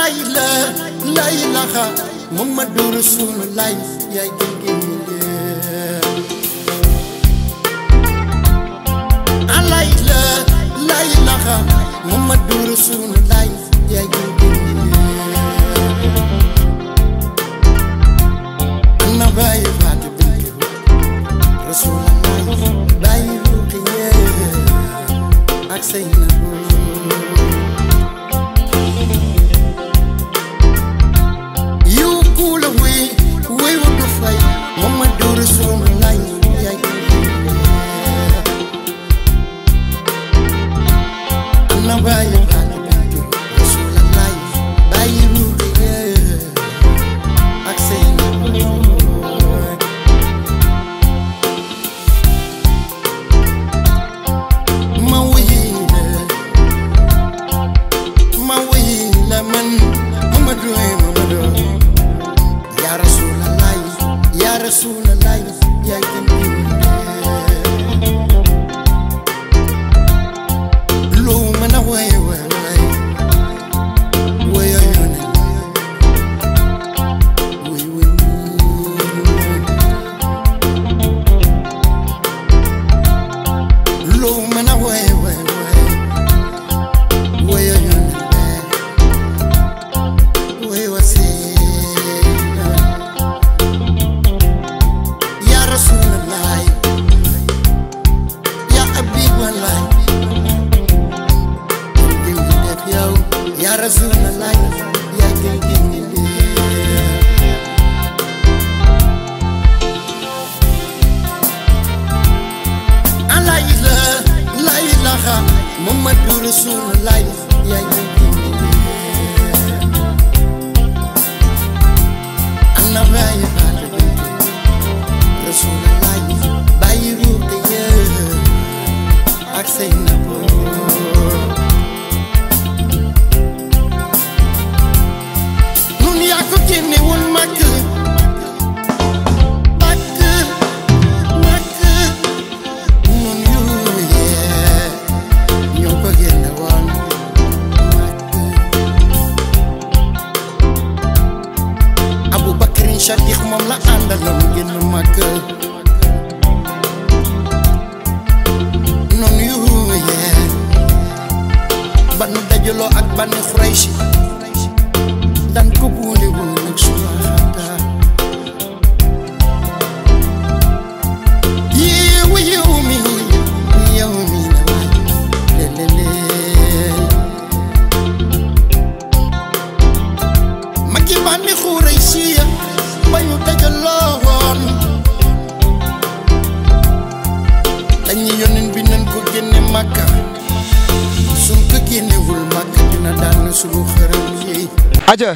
la ilaha la ilaha Muhammadu Rasulullah yaay life gi mu leer ah, la ilaha la ilaha Muhammadu Rasulullah yaay gën gi mu leer ana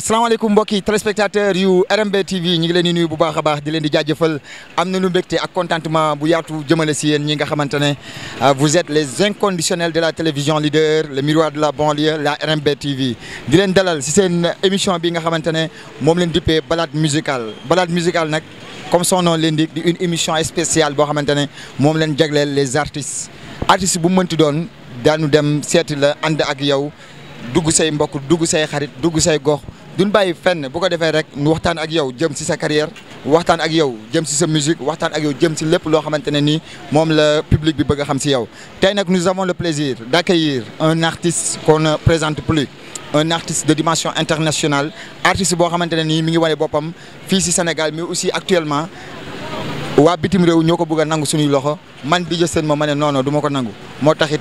salaamaaleykum mbokki spectateurs, yu RMB TV ñi ngi leen di nuyu bu baaxa a baax di leen di jajeufal amna ak contentement bu yaatu jëmele si yeen ñi nga xamantene euh, vous êtes les inconditionnels de la télévision leader le miroir de la banlieue la RMB TV di leen dalal si seen émission bi nga xamantene mom leen dippé balade musicale balade musicale nak comme son nom l'indique une émission spéciale bo xamantene mom leen les artistes artistes bu mënti doon daanu dem seeti la and ak yow dugg say mbokk dugg say xarit dugg say gox duñ bàyyi fenn bu ko defee rek ñu waxtaan ak yow jëm ci sa carrière waxtaan ak yow jëm ci sa musique waxtaan ak yow jëm ci lépp loo xamante ne nii moom la public bi bëgg a xam si yow tey nag nous avons le plaisir d'accueillir un artiste qu'on ne présente plus un artiste de dimension internationale artiste boo xamante ne nii mi ngi wane boppam fii si Sénégal mais aussi actuellement waa bitim réew ñoo ko bëgg a nangu suñuy loxo man di jë seen ma ma ne non non du ma ko nangu moo taxit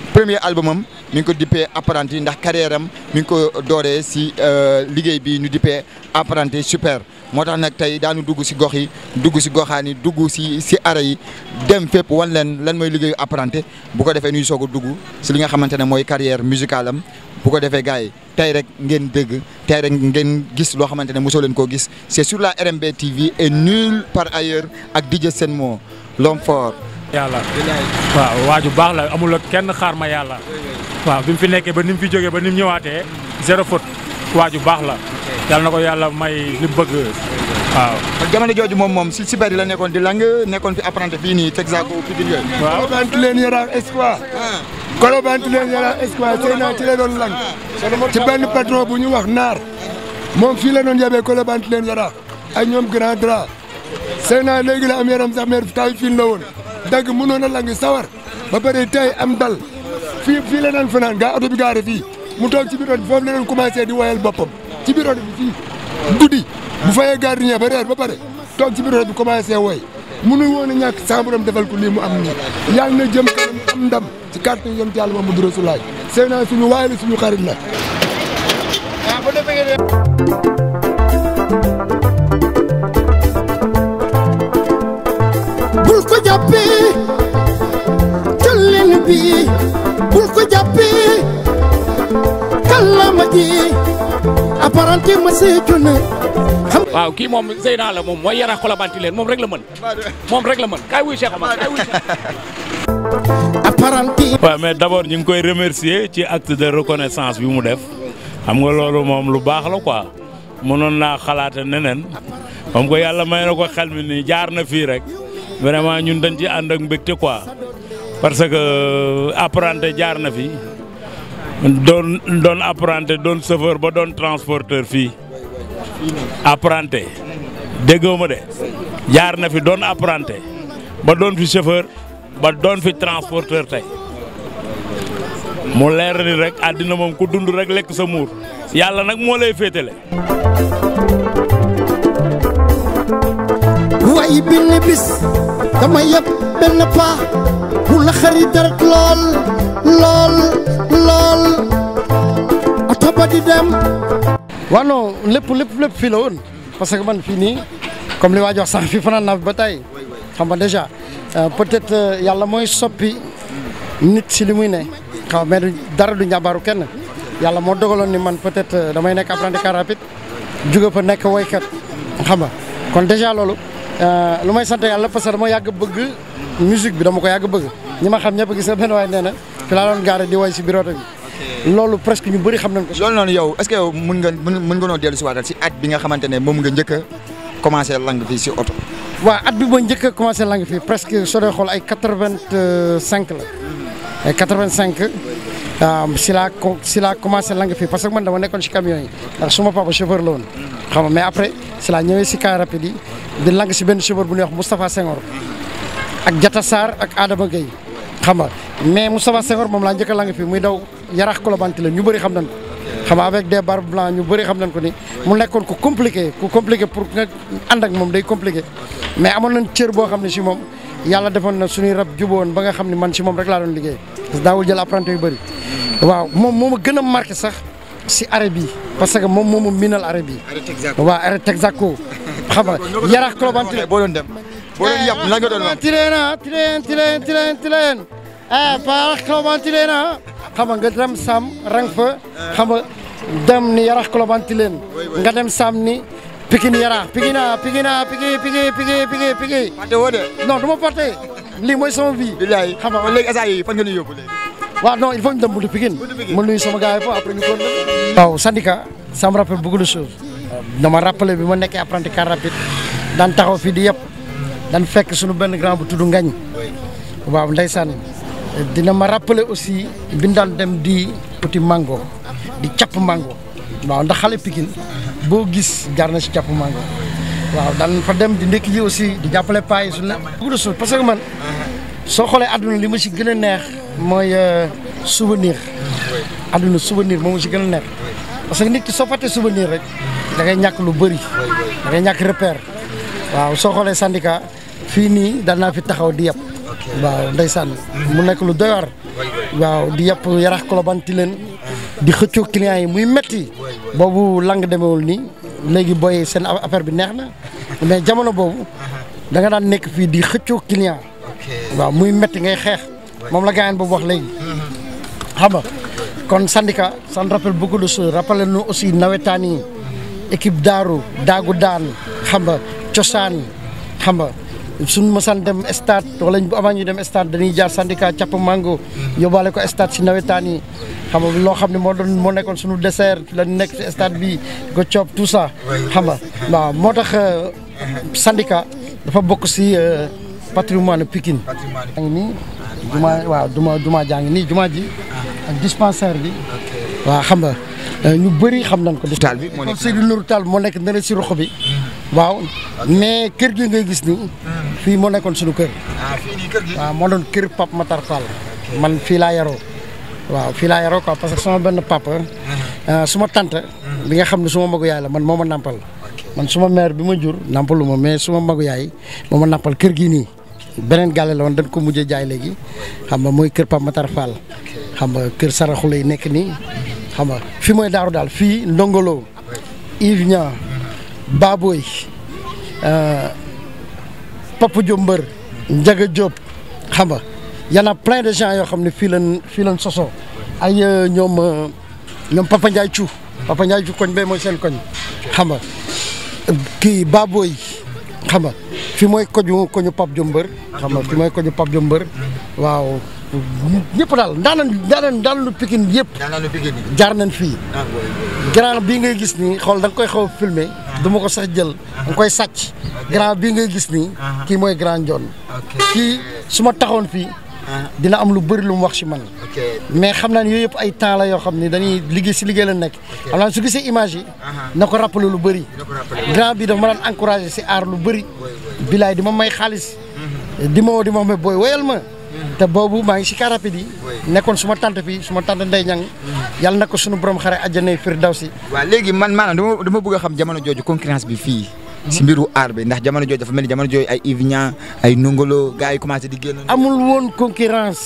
premier album am mi ngi ko dippee apprenti ndax carrière am mi ngi ko dooree si euh, liggéey bi ñu dippee apprenti super moo tax nag tey daanu dugg si gox yi dugg si goxaan yi dugg si si ara yi dem fépp wan leen lan mooy liggéeyu apprenti bu ko defee ñuy soog a dugg si li nga xamante ne mooy carrière musicale am bu ko defee gars yi rek ngeen dégg tey rek ngeen gis loo xamante ne mosoo leen koo gis c'est sur la RMB TV et nul part ailleurs ak DJ Senmo l'homme fort yàlla waaw waaju baax la amul kenn xaar ma yàlla waaw bi mu fi nekkee ba ni mu fi jógee ba ni mu zéro faute waaju baax la yàlla na ko may li bëgg waaw jamono jooju moom moom si sibéri la nekkoon di lang nekkoon fi apprenti fii nii Texaco Pikine yooyu waaw bantu leen Yaraax Espoir ah. kolo bantu leen Yaraax Espoir sëy naa ci la doon lang ah. ci benn patron bu ñu wax naar moom fii la doon yabee kolo bantu leen Yaraax ay ñoom grand dra sëy naa la am yaram sax meer taw fii la woon dagg mënoon a lang sawar ba pare tey am dal fii fii la daan fanaan gaa oto bi gaare fii mu toog ci biir oto bi foofu la doon commencé di woyal boppam ci biir oto bi fii guddi bu fayee gardien ba reer ba pare toog ci biir bi commencé woy mënu woon a ñàkk sàmbaram defal ku lii mu am nii yàlla na jëm kanam am ndam ci carte yonent yàlla Muhammadu Rasulullaah seen naa suñu waay la ñu xarit la ko jàppee collin bi ma see kii moom Zeyna la moom mooy yara xolabanti leen moom rek la mën moom rek la mën kaay wuy Cheikh Amar kaay wuy apparenté waaw mais d'abord ñu ngi koy remercier ci acte de reconnaissance bi mu def xam nga loolu moom lu baax la quoi mënoon naa xalaata moom ko yàlla may na ko xel mi nii jaar na fii rek vraiment ñun dañ ci ànd ak mbégte quoi parce que euh, apprenti jaar na fi doon doon apprenti doon chauffeur ba doon transporteur fii apprenti déggoo ma de jaar na fi doon apprenti ba doon fi chauffeur ba doon fi transporteur tey mu leer ni rek àddina moom ku dund rek lekk sa muur yàlla nag moo lay féetale way benn bis dama yëpp benn paa bu la xari deret lool lool lool oto ba di dem. waaw non lépp lépp lépp fii woon parce que man fii nii comme li waa ji wax sax fii fanaan naa ba tey xam nga déjà euh, peut-être euh, yàlla mooy soppi nit si li muy ne xaw mais dara du njàmbaaru kenn yàlla moo dogaloon ni man peut-être euh, damay nekk apprenti car rapide jóge fa nekk woykat xam nga kon déjà loolu. Euh, lu may sant yàlla parce que dama yàgg bëgg musique bi dama ko yàgg bëgg ñi ma xam ñëpp gis na benn waay nee na fi laa doon gaare di way si biroota bi loolu presque ñu bëri xam nañ ko loolu noonu yow est-ce que yow mën si waatal si at bi nga xamante ne moom nga njëkk a commencé lang fii si oto waa at bi ma njëkk a commencé lang fii presque soo dee xool ay quatre-vingt-cinq la ay quatre-vingt-cinq Um, si laa si laa commencé lang fii parce que man dama nekkoon si camion yi ndax suma papa chauffeur la woon xam nga mais après si laa ñëwee si car rapide yi di lang si benn chauffeur bu ñuy wax Moustapha Senghor ak Jata Sarr ak Adama Gueye xam nga mais Moustapha Senghor moom laa njëkk a lang fii muy daw yarax Kolobanti la ñu bëri xam nañ ko xam nga avec des barbes blancs ñu bëri xam nañ ko ni mu nekkoon ku compliqué ku compliqué pour nga ànd ak moom day compliqué mais amoon nañ cër boo xam ne si moom yàlla defoon na suñuy rab juboon ba nga xam ne man si moom rek laa doon liggéey daawul jël apprenti yu bëri waaw moom moom ma gën a marqué sax si arrêt bi parce que moom moo ma miinal arrêt bi waaw arrêt Texaco xam nga yaraax Colobane Tilène boo doon dem boo doon yàpp lan nga doon wax Tilène ah Tilène Tilène nga nga dem Sam rang fa eh. xam dem ni yaraax Colobane Tilène nga dem Sam ni Pikini yara, pikina, na piki, piki, piki, piki, piki. Pate wode. Non, duma pate. Li moy sama vie. billahi Xam nga leg asay fan nga ñu yobul. Wa non, il faut ñu dem buntu pikine. Mu nuy sama gaay fa après ñu kon. Waaw, Sandika, ça me rappelle beaucoup de choses. Dama rappeler bi ma nekké apprenti car rapide. Dan taxaw fi di yeb. Dan fekk suñu ben grand bu tuddu ngañ. Waaw, ndaysan. Dina ma rappeler aussi bindan dem di petit mango. Di chap mango. Waaw, ndax xalé pikine boo gis jaar na si càpp mango waaw dan fa dem di ndékki ji aussi di jappalé pay yi suñu la gudusul parce que man so xolé aduna li ma ci gëna neex moy euh, souvenir aduna souvenir moom ci gëna neex parce que nit ci soo fàttee souvenir rek da ngay ñak lu bëri da ngay ñak repère waaw so xolé syndicat fini nii daan fi taxaw di yàpp waaw ndaysan mu nek lu doyar waaw di yàpp yarax ko labanti leen di xëccoo client yi muy metti boobu lang demewul nii léegi boy seen affaire bi neex na mais jamono boobu da nga daan nekk fii di xëccoo client waaw muy metti ngay xeex moom la gaañaan boobu wax léegi xam nga kon sandika ça rappel beaucoup de choses rappelle nous aussi nawetaan yi équipe daaru daagu daan xam nga cosaan xam nga suñ mësaan dem stade wala bu avant ñu dem stade dañuy jaar syndicat càpp mango yóbbaale ko stade si nawetaan yi xam nga loo xam ne moo doon moo nekkoon suñu dessert la nekk ci stade bi ko tout ça xam nga waaw moo tax euh, syndicat dafa bokk si euh, patrimoine Pikine jaa ngi nii jumaa waaw duma jumaa jaa ngi nii jumaa ji ak bi waa xam nga euh, ñu bari xam nañ ko hôpital bi Seydou Nourou Tall moo nekk nare si roxo bi waaw mais kër gi ngay gis ni fii moo nekkoon suñu kër. ah fii nii kër gi. waaw moo Matar man fii laa yaroo. waaw fii laa yaroo quoi parce que sama benn papa. Uh-huh. Ah, suma tante. Uh-huh. bi nga xam suma magu yaay la man moo nampal, man suma mère bi ma jur nampaluma mais suma magu yaay moo nampal nàmpal kër gi nii. beneen gàlle la woon dañ ko mujjee jaay léegi xam nga mooy kër pap Matar xam nga kër saraxu lay nekk xam nga fi mooy daaru daal fii Ndongolo. Yves Baboy eh, papu Diomber Ndiaga job xam nga y en a plein de gens yo xamni fi fii fi fii soso ay eh, ñom eh, ñom Papa ndjay Thiou Papa ndjay Thiou koñ be mooy sen koñ xam nga kii Baboy xam nga fi moy koñu koñu Pape Diomber xam nga fi moy koñu Pape Diomber waaw ñëpp daal daanan daanan daanalu Pikine yëpp. daanalu Pikine yi jaar nañ fii. Ah, grand bii ngay gis nii xool da koy xaw a filmé. Ah. du ma ko sax jël danga ah. koy sàcc. grand bii ngay gis nii. kii mooy grand John. kii su ma taxoon fii. dina am lu bëri lu mu wax si man. mais xam naa ne yooyu yëpp ay temps la yoo xam ni dañuy liggéey si liggéey la nekk. xam naa su gisee image yi. na ko rappelé lu bëri. grand bii dafa ma daan encouragé si aar lu bëri. bilaay di ma may xaalis. Mm-hmm. di moo woo di ma wax booy woyal ma. te bobu ma ngi si karapi di nekkon suma tante fi suma tante nday ñang mm-hmm. yalla na ko sunu borom xare àjjana firdausi wa legi man man dama dama bëgg xam jamono joju concurrence bi fi si mm-hmm. mbiru aar bi ndax jamono joju dafa mel jamono jooju ay Ivignan ay Nongolo gaay commencé di génn amul won concurrence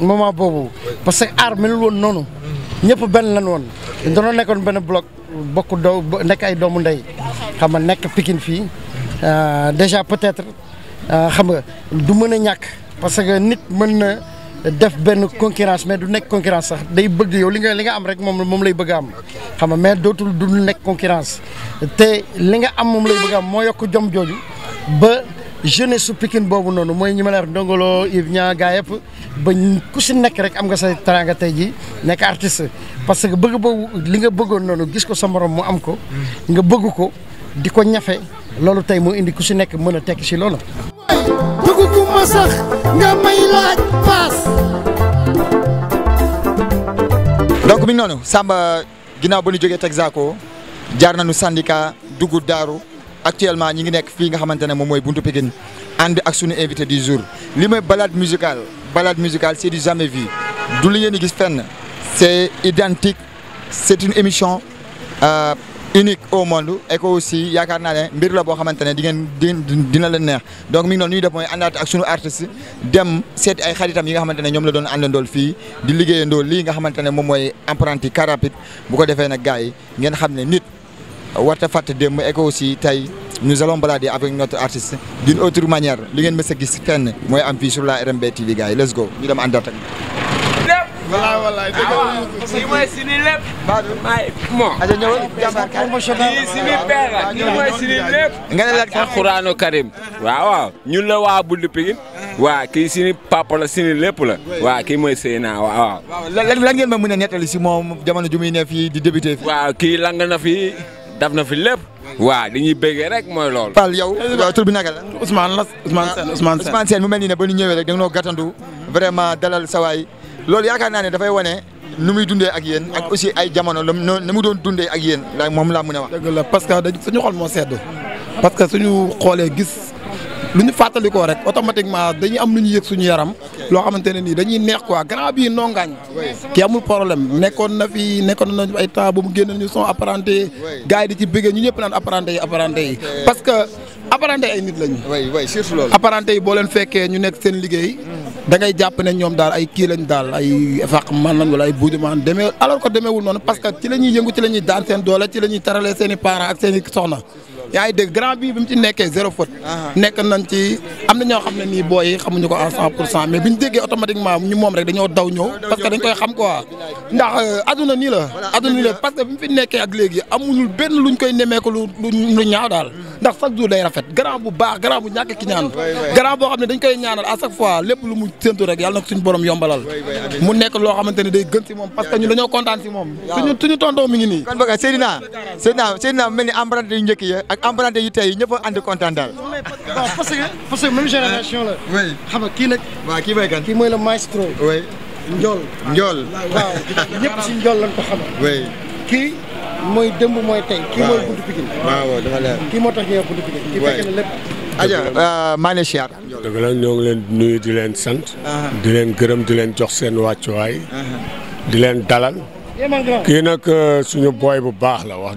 uh-huh. mama bobu parce que aar melul won nonu mm-hmm. ñepp ben lan da danoo nekkon ben bloc bokku do nek ay doomu nday xam nga nekk Pikine euh déjà peut-être euh, xam nga du meuna ñak parce que nit mën na def benn concurrence mais du nekk concurrence sax day bëgg yow li nga li nga am rek moom moom lay bëgg am xam nga mais dootul du nekk concurrence te li nga am moom lay bëgg a am moo yokk jom jooju ba jeunesse su Pikine boobu noonu mooy ñi ma la wax ndongoloo Yves Niang gaa yëpp ba ku si nekk rek am nga sa nga tey jii nekk artiste parce que bëgg boobu li nga bëggoon noonu gis ko sa morom mu am ko nga bëgg ko di ko ñafe loolu tey moo indi ku si nekk mën a tekki si loolu ma sax nga may laaj paas. donc mi noonu Samba ginnaaw ba ñu jógee Texaco jaar nañu syndicat dugg daaru actuellement ñi ngi nekk fii nga xamante ne moom mooy buntu Pikine ànd ak suñu invité du jour li mooy balade musicale balade musicale c'est du jamais vu du li ngeen di gis fenn c'est identique c'est une émission. Euh, unique au monde et que yaakaar naa ne mbir la boo xamante ne di ngeen dina leen neex donc mi ngi noonu ñuy def mooy àndaat ak sunu artiste dem seet ay xaritam yi nga xamante ne ñoom la doon àndandool fii di liggéeyandool lii nga xamante ne moom mooy apprenti car rapide bu ko defee nag gars ngeen xam ne nit warta fàtte démb et que aussi tey nous allons balader avec notre artiste d'une autre manière li ngeen mës a gis fenn mooy am fii sur la RMB TV gars yi let's go ñu dem àndaat lépp. wallaay wallaay dëgg la ah, lii lépp. bon. lii suñu lépp. nga ne la alxuraanu karim. waaw waaw ñun la waa Bounde Pikine. Uh-huh. waa kii suñu papa la suñu lépp la. waa kii mooy Seyna waaw waaw. lan lan ngeen ma mën a nettali si moom jamono ju muy ne di débuté. waaw kii lang na fi daf na fi lépp. waaw dañuy bëggee rek mooy lool Fall yow tur bi naka la. Ousmane la Ousmane Sène Ousmane Sène mu mel nii ne ñu ñëwee rek da nga noo gàttandu. vraiment dalal sawaay loolu yaakaar naa ne dafay wane nu muy dundee ak yéen. ak aussi ay jamono la na mu doon dundee ak yéen. ndax moom laa mën a wax. dëgg la parce que dañ suñu xol moo sedd. parce que suñu xoolee gis lu ñu fàttalikoo rek automatiquement dañuy am lu ñu yëg suñu yaram. loo xamante ne nii dañuy neex quoi grand bii nongaañ. ki amul problème nekkoon na fi nekkoon nañu ay temps ba mu génne ñu son apparenté. gars yi di ci bëggee ñu ñëpp naan apparenté yi apparenté yi. parce que apparenté ay nit lañu. oui oui surtout loolu. apparenté yi boo leen fekkee ñu nekk seen liggéey mm. da ngay jàpp ne ñoom daal ay kii lañ daal ay faq man lañ wala ay buujumaan demee alors que demeewul noonu parce que ci la ñuy yëngu ci la ñuy daan seen doole ci la ñuy taralee seen i ak seen i soxna yaa ngi dégg grand bi bi mu ci nekkee zéro faute. Ah. nekk nañ ci am na ñoo xam ne nii booy xamuñu ko en cent pour cent mais bi ñu déggee automatiquement ñu moom rek dañoo daw ñëw parce que dañ koy xam quoi ndax aduna euh, nii la. aduna nii la mu fi nekkee ak léegi amuñu benn lu luñ koy nemmeeku lu lu ñaaw daal ndax chaque jour rafet grand bu baax grand bu ñàkk ki ñaan grand boo xam ne dañ koy ñaanal à chaque fois lépp lu mu séntu rek yàlla na suñu borom yombalal mu nekk loo xamante ne day gën si moom parce que ñu dañoo kontaan si moom suñu tonton mi ngi nii ak dari yu tey yi ñëpp a ànd kontaan parce que parce que même génération la. oui xam nga kan ki moy le maestro. oui Ndiol. Ndiol waaw ñëpp ci Ndiol lañ ko xam. oui kii mooy démb mooy tey. kii mooy buntu Pikine. waaw dama leer ki mo tax ki fekk na lepp aja euh, la sant. di leen ah. di leen jox seen ah. di leen dalal. Eh, euh, bu baax la wax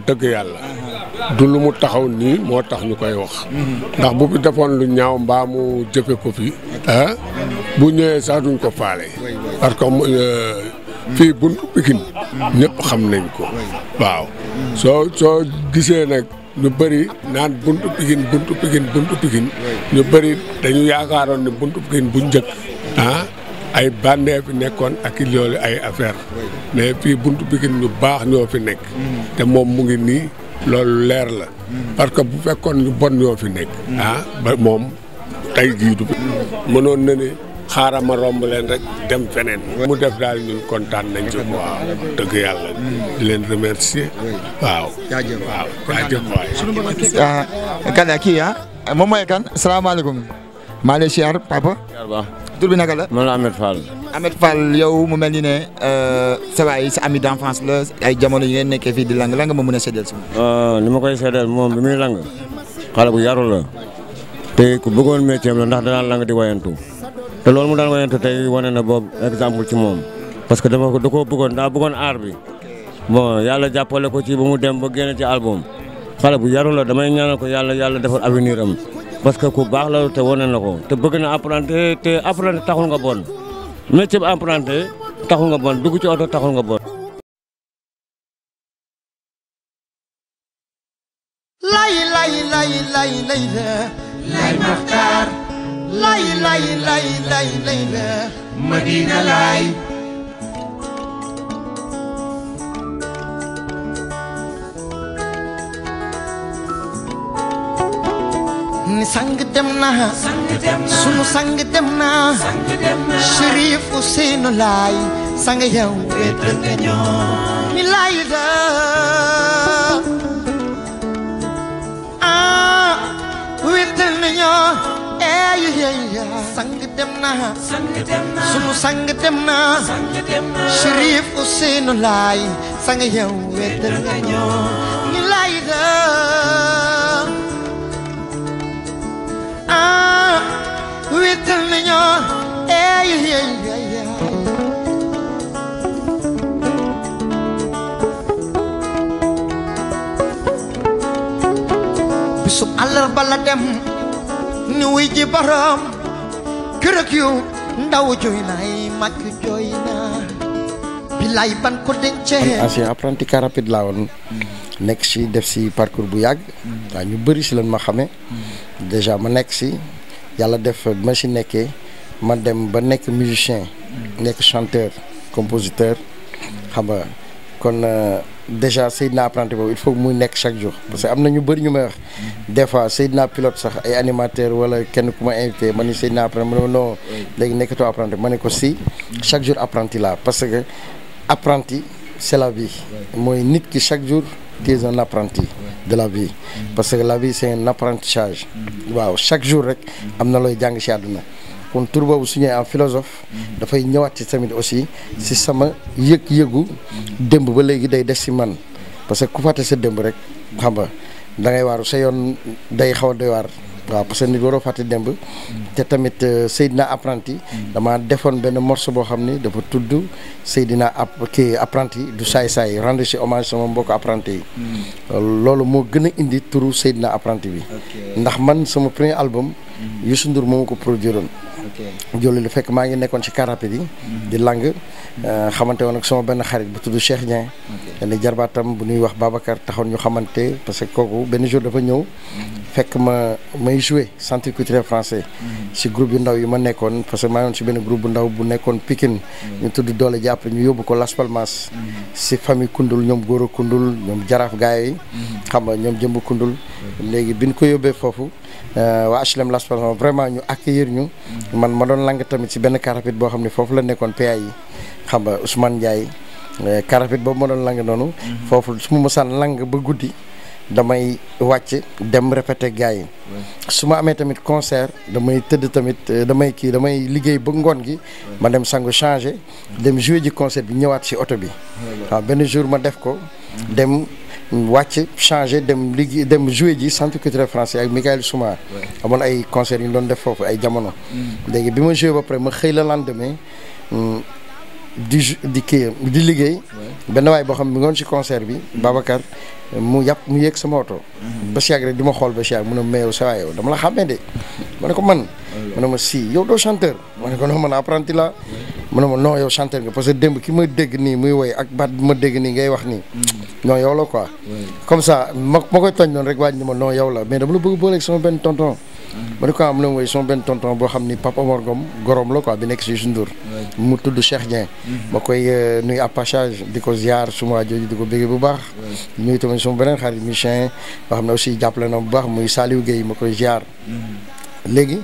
du lu mu taxaw nii moo tax ñu koy wax. ndax bu fi defoon lu ñaaw mbaa mu jëfe ko fii ah bu ñëwee sax duñ ko faale. parce que euh, fii buntu Pikine ñëpp xam nañ ko. waaw soo soo gisee nag ñu bëri naan buntu Pikine buntu Pikine buntu ñu bëri dañu yaakaaroon ne buntu Pikine bu njëkk ah. ay bàndee fi nekkoon ak i loolu ay affaire mais fii buntu Pikine ñu baax ñoo fi nekk te moom mu ngi nii loolu leer la. parce que bu fekkoon ñu bon yoo fi nekk. ah ba moom tey jii du mënoon na xaaram xaaral ma romb leen rek dem feneen. mu def daal ñun kontaan nañ ci. waaw dëgg yàlla. leen remercier. waaw jaajëf waaw jaajëf waay. ah kan kii ah moom mooy kan salaamaaleykum. maa ngi lay siyaar papa. tur bi la. man la Ahmed Fall. Ahmed yow mu mel ni ne euh, sa waay sa ami d'enfance la ay jamono yi ngeen nekkee fii di lang lang ma mën a seddeel si moom. Euh, ni ma koy seddeel moom bi muy lang xale bu yaru la te ku bëggoon métier la ndax danaan lang di wayantu te loolu mu daan wayantu tey wane na boobu exemple ci moom parce que dama ko da koo bëggoon daa bëggoon aar bi bon yàlla jàppale ko ci ba mu dem ba génn ci album xale bu yaru la damay ñaanal ko yàlla yàlla defal avenir am. parce que ku baax la te wane na ko te bëgg na apprenti te apprenti taxul nga bon métier bi apprenti taxul nga bon dugg ci oto taxul nga bon. lay lay lay lay lay lay Maxtaar lay lay lay lay lay Madina lay. ni संग देमना सुन संग देमना शरीफ हुसैन लाई संग यऊ वेत्रतेनो ni लाई दा आ वेत्रनेयो ay ay ay संग देमना सुन संग देमना शरीफ हुसैन लाई संग यऊ वेत्रतेनो ah witel baladem ay ay ay bisu alarba la dem ni wuy ji borom kërëg yu ndaw jooy nay mag jooy na bilay ban ko dencee ancien apprenti rapide laa woon nek si def si parcours bu yag ñu bëri ci lan ma xamé déjà ma nek si yalla def ma si nekkee ma dem ba nek musicien. nek chanteur compositeur. xam nga kon euh, déjà Seydina apprenti boobu il faut muy nek chaque jour parce que am ñu bëri ñu may wax des fois Seydina pilote sax ay animateur wala kenn kuma invité ma ni Seydina apprenti ma non non nek nekkatoo apprenti ma ko si chaque jour apprenti là parce que apprenti c'est la vie moy nit ki chaque jour c'est un apprenti de la vie parce que la vie c'est un apprentissage waaw chaque jour rek am na looy jàng ci àdduna kon tur boobu en philosophe dafay ñëwaat ci tamit aussi ci sama yëg-yëgu démb ba léegi day des ci man parce que ku fàtte sa démb rek xam nga da ngay waaru sa yoon day xaw a doy waaw parce que ni waroo fàtte démb te tamit euh, Seydina apprenti dama defone ben morceau bo xamni dafa tuddu Seydina app kii apprenti du say say rendre ci hommage sama mbok apprenti lolu mo gëna indi turu Seydina apprenti bi ndax man sama premier album yusundur Ndour produire julli lu fekk maa ngi nekkoon ci car rapide yi di lang mhm. euh, xamante woon ak sama benn xarit bu tudd Cheikh Dieng benn jarbaatam bu ñuy wax Babacar taxoon ñu xamante parce que kooku benn jour dafa ñëw mhm. fekk ma may joué centre culturel français si mhm. groupe yu ndaw yi ma nekkoon parce que maa si benn groupe bu ndaw bu nekkoon pikin ñu tudd doole jàpp ñu yóbbu ko Las si fami Kundul ñoom Goro Kundul ñoom Jaraaf gaay yi xam nga ñoom Jëmb Kundul léegi bi ñu ko yóbbee foofu Euh, waa HLM Las Palmas vraiment ñu accueillir ñu. man ma doon lang tamit si benn car boo xam ne foofu la nekkoon PA yi xam nga Ousmane Ndiaye euh, car rapide boobu ma doon lang noonu. Mhm. foofu su ma mosaan lang ba guddi. damay wàcc dem répété gars yi su ma amee tamit concert damay tëdd tamit euh, damay kii damay liggéey ba ngoon gi ma dem sangu changé dem joué ji concert bi ñëwaat si oto bi waaw benn jour ma def ko mhm. dem wàcc changé dem liggéey dem joué ji centre culturel français ak Michael Souma. amoon ay concert yu ñu doon def foofu ay jamono. Mm. léegi bi ma joué ba pare ma xëy la lendemain mm, di di kii di liggéey. benn waay boo xam ne mi ngoon ci concert bi. Babacar mu yàpp mu yéeg sama oto. Mm-hmm. ba si yàgg rek di ma xool ba si yàgg mu ne meew sa dama la xàmmee de. ma ne ko man. ma ne ma si yow doo chanteur. ma ne ko non man apprenti la mu ne ma non yow chanteur nga parce que démb ki ma dégg nii muy woy ak baat bi ma dégg nii ngay wax nii. Mm. non yow la quoi. comme ça ma ma koy tooñ noonu rek waaj ni ma non yow la mais dama la bëgg booleeg sama benn tonton. Mm. ma ne ah, mooy sama benn tonton boo xam ni Pape Omar Ngom gorom la quoi bi nekk si Youssou mu tudd Cheikh Dieng. Mm-hmm. ma koy euh, nuy à passage di ko ziar suma jooju di ko bëggee bu baax. nuyu tamit sama beneen xarit Michien boo xam ne aussi jàppale na bu baax muy Saliou Guèye ma koy ziar. Mm-hmm. léegi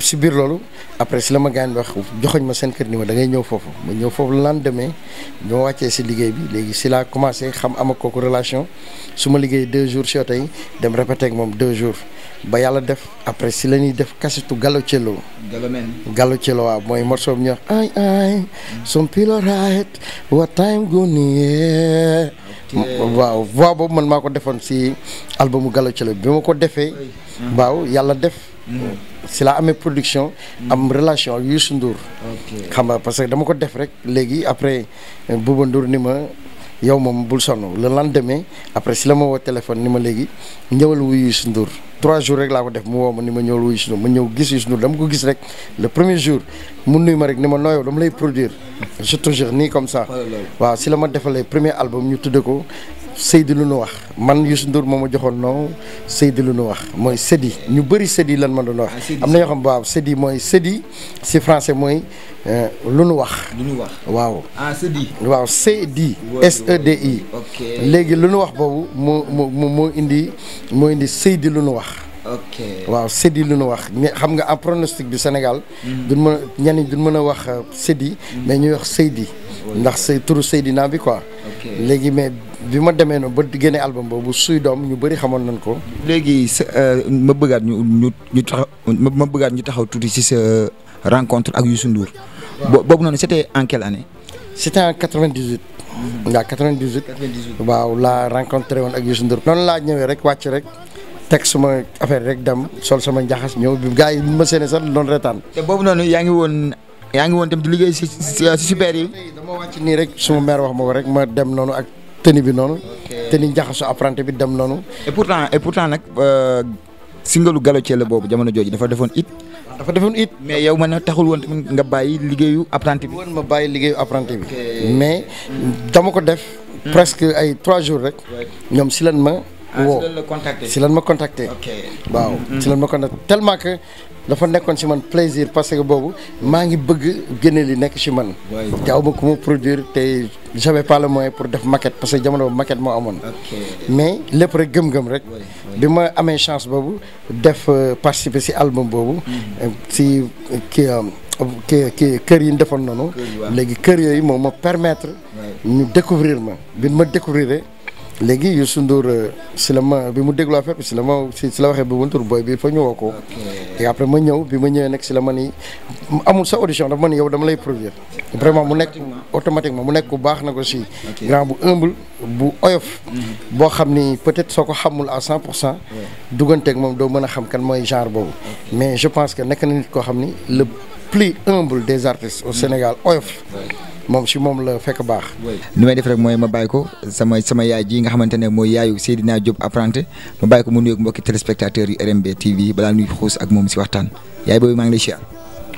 si biir loolu après si la ma gaan wax joxoñ ma seen kër ni ma dangay ñëw foofu ma ñëw foofu le lendemain bi ma wàccee si liggéey bi léegi si laa commencé xam ama kooku relation su ma liggéey deux jours si tey dem répété ak moom deux jours ba yàlla def après si la ñuy def kasitu Gallo Cello Gallo Cello waaw mooy morceau bi ñuy wax ay ay go near waaw voix boobu man maa ko defoon si albumu Gallo Cello bi ma ko defee baaw yàlla def c'est la amee production. am relation ak Youssou Ndour. xam parce que dama ko def rek léegi après euh, Bouba Ndour nima yow mom bul sonu le lendemain après si la ma woo téléphone nima ma ñewal ñëwal wuyu Youssou Ndour trois jours rek la ko def mu wo ma ni ma ñëwal wuyu Youssou Ndour ma ñëw gis Youssou dama ko gis rek le premier jour mu nuy ma rek nima noyo dama lay produire. je toujours ni comme ça. waaw si la ma defalee premier album ñu tudde ko. Seydi lu nu wax man Youssou Ndour moom ma joxoon non Seydi lu nu wax mooy Seydi ñu bëri Seydi lan ma doon wax. Ah, am na ñoo xam waaw Seydi mooy Seydi si français mooy euh, lu nu wax. lu nu wax waaw. ah Seydi. waaw Seydi. S E D léegi lu nu wax boobu moo moo moo indi moo indi Seydi lu nu wax. ok waaw séddi lu nu wax xam nga en pronostic bi Sénégal. Mm-hmm. duñ ma a ñenn ñi duñ mën a wax euh, séddi. Mm-hmm. mais ñuy wax Seydi. ndax say turu Seydina bi quoi. léegi mais. bima ma no noonu ba génne album bobu suy dom ñu bëri xamoon nañ ko. légui euh, ma bëggat ñu ñu ñu taxaw ma bëggat ñu taxaw tuti ci sa rencontre ak Youssou Ndour. bobu non c'était en quelle année. c'était en 98. nga 98. waaw la rencontré won ak Youssou Ndour. non la ñëwé rek wacc rek. tek suma affaire rek dam sol sama jaxas ñëw bi gaay ma séné sa doon rétane té bobu non yaa ngi woon. yaa ngi woon tamit di liggéey ci si super yi. dama wacc ni rek suma mère wax ma rek ma dem nonu ak. tëni bi noonu. tëni njaxasu apprenti bi dem noonu. et pourtant et pourtant nag euh, singalu Gallo Thiele boobu jamono jooju dafa defoon it. dafa defoon it mais yow man taxul woon tamit nga bàyyi liggéeyu apprenti bi. woon ma bàyyi liggéeyu apprenti bi. mais dama ko def. Hmm. presque ay trois jours rek. ñoom si leen ma. Ah, si vous contacté si vous me mm-hmm. contacté tellement que dafa suis un plaisir parce que je ngi bëgg j'avais pas le moyen pour maquette parce que mais le gëm rek chance de def euh, participer cet album boobu mm-hmm. euh, si que euh, que kër yi permettre de découvrir moi, de me découvrir léegi Youssou Ndour euh, si la ma bi mu dégloo fépp si la ma si si la waxee bi wuntur booy bi fa ñëwoo ko et après ma ñëw bi ma ñëwee nag si la man amul sa audition dafa man ni yow dama lay produire vraiment mu nekk automatiquement mu nekk bu baax na ko si grand bu humble bu oyof mhm. boo xam ni peut-être soo ko xamul à cent cent dugganteeg moom doo mën a xam kan mooy genre boobu mais je pense que nekk na nit koo xam ni le plus humble des artistes au mm. Sénégal oyof moom si moom la fekk baax. li may def rek mooy ma bàyyi ko sama sama yaay ji nga xamante ne mooy yaayu Seydina Diop apprenti ma bàyyi ko mu nuyoog mbokki téléspectateurs yu RMB TV balaa nuy xuus ak moom si waxtaan yaay boobu maa ngi lay siyaar.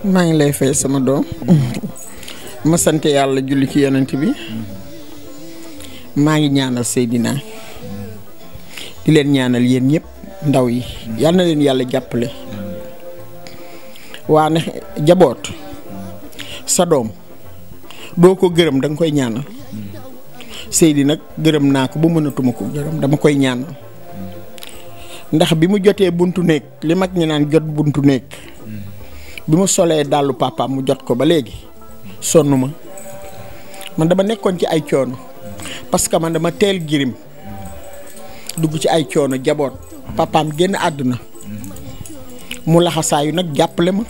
maa ngi lay fay sama doom. Mm-hmm. ma sant yàlla julli ci yonent bi. Mm-hmm. maa ngi ñaanal Seydina. Mm-hmm. di leen ñaanal yéen ñëpp ndaw yi. yal na leen yàlla jàppale. waa ne jaboot. sa doom. doo ko gërëm danga koy ñaanal Seydi nag gërëm naa ko bu mënatuma ko gërëm dama koy ñaanal ndax bi mu jotee buntu néeg li mag ñi naan jot buntu néeg bi mu solee dàllu papaam mu jot ko ba léegi sonn ma man dama nekkoon ci ay coono parce que man dama teel girim dugg ci ay coono jaboot papaam génn àdduna mu laxasaayu nag jàppale ma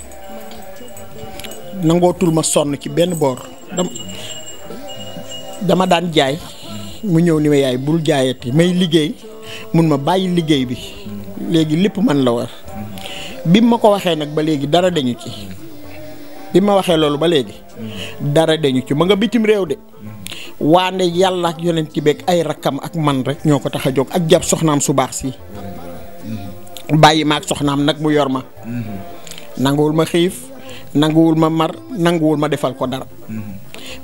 nangootul ma sonn ci benn boor dama daan jaay mu ñew ni ma yaay bul jaayati may liggey mun ma bayyi liggey bi legi lepp man la war bi ma ko waxee nag ba legi dara dañu ci bi ma waxee ba legi dara dañu ci ma nga bitim rew de waane yalla ak yonent ci ay rakam ak man rek ñoko ko ak soxnam su bax si bayyi ma ak soxnaam nag mu yor ma mm-hmm. ma nangul ma mar nangul ma defal ko dara mm-hmm.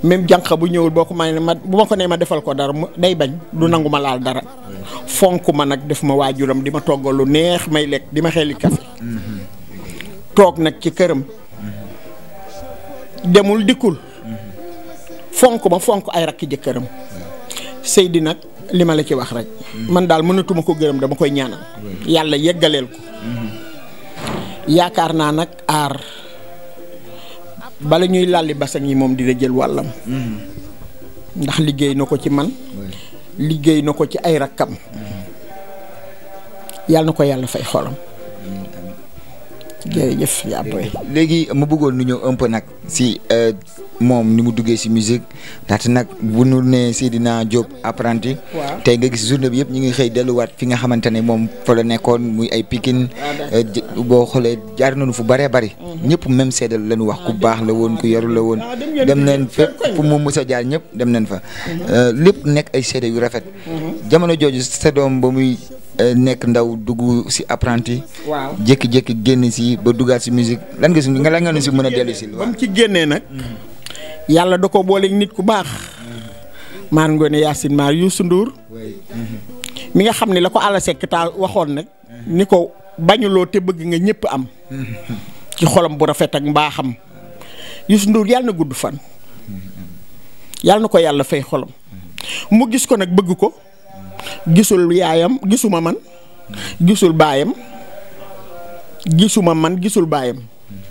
même jànq bu ñëwul boo ko ma ne ma bu ma ko nee ma defal ko dara day bañ du nangu ma laal dara fonk ma nag def ma waajuram di ma toggal neex may lekk di ma xeli kafe toog nag ci këram demul dikkul fonk ma fonk ay rakki jëkkëram Seydi nag li ma la ci wax rek man daal mënatuma ko gërëm dama koy ñaanal yàlla yeggaleel ko yaakaar naa nag aar bala ñuy lalli basang yi moom dina jël wàllam mm-hmm. ndax liggéey na ko ci man liggéey na ko ci ay rakkam mm-hmm. yàlla na ko yàlla fay xolam jërëjëf après léegi mu bëggoon nu ñëw ëmp nag si euh, moom ni mu duggee si musique ndaxte nag bu nu nee Seydina Diop apprenti. tey nga gis journée yëpp ñu ngi xëy delluwaat fi nga xamante ne moom fa la nekkoon muy ay Pikine. Ah, euh, boo xoolee jaar nañu fu bëree bëri. Mhm. ñëpp même seedal la ñu wax ku ah, baax la woon ku yaru la woon. Ah, dem nañ fépp fu mu mës a jaar ñëpp dem nañ fa. Mhm. Euh, lépp nekk ay seede yu rafet. Mhm. jamono jooju sa doom ba muy. Eh, nek ndaw duggu si apprenti. waaw jeki geni si ba si musique lan nga si nga la nga si meuna delu ci si. ci genné nak yalla da ko booleeg nit ku bax man ngone yassine mar Youssou Ndour. mi nga xamni lako ala ko ta waxon nak niko nag. ni te bëgg nga ñëpp am. ci xolam bu rafet ak mbaaxam. Ndour yalla na gudd fan. yalla na ko fay xolam. mu gis ko nak bëgg ko. gisul yaayam gisuma man gisul baayam gisuma man gisul baayam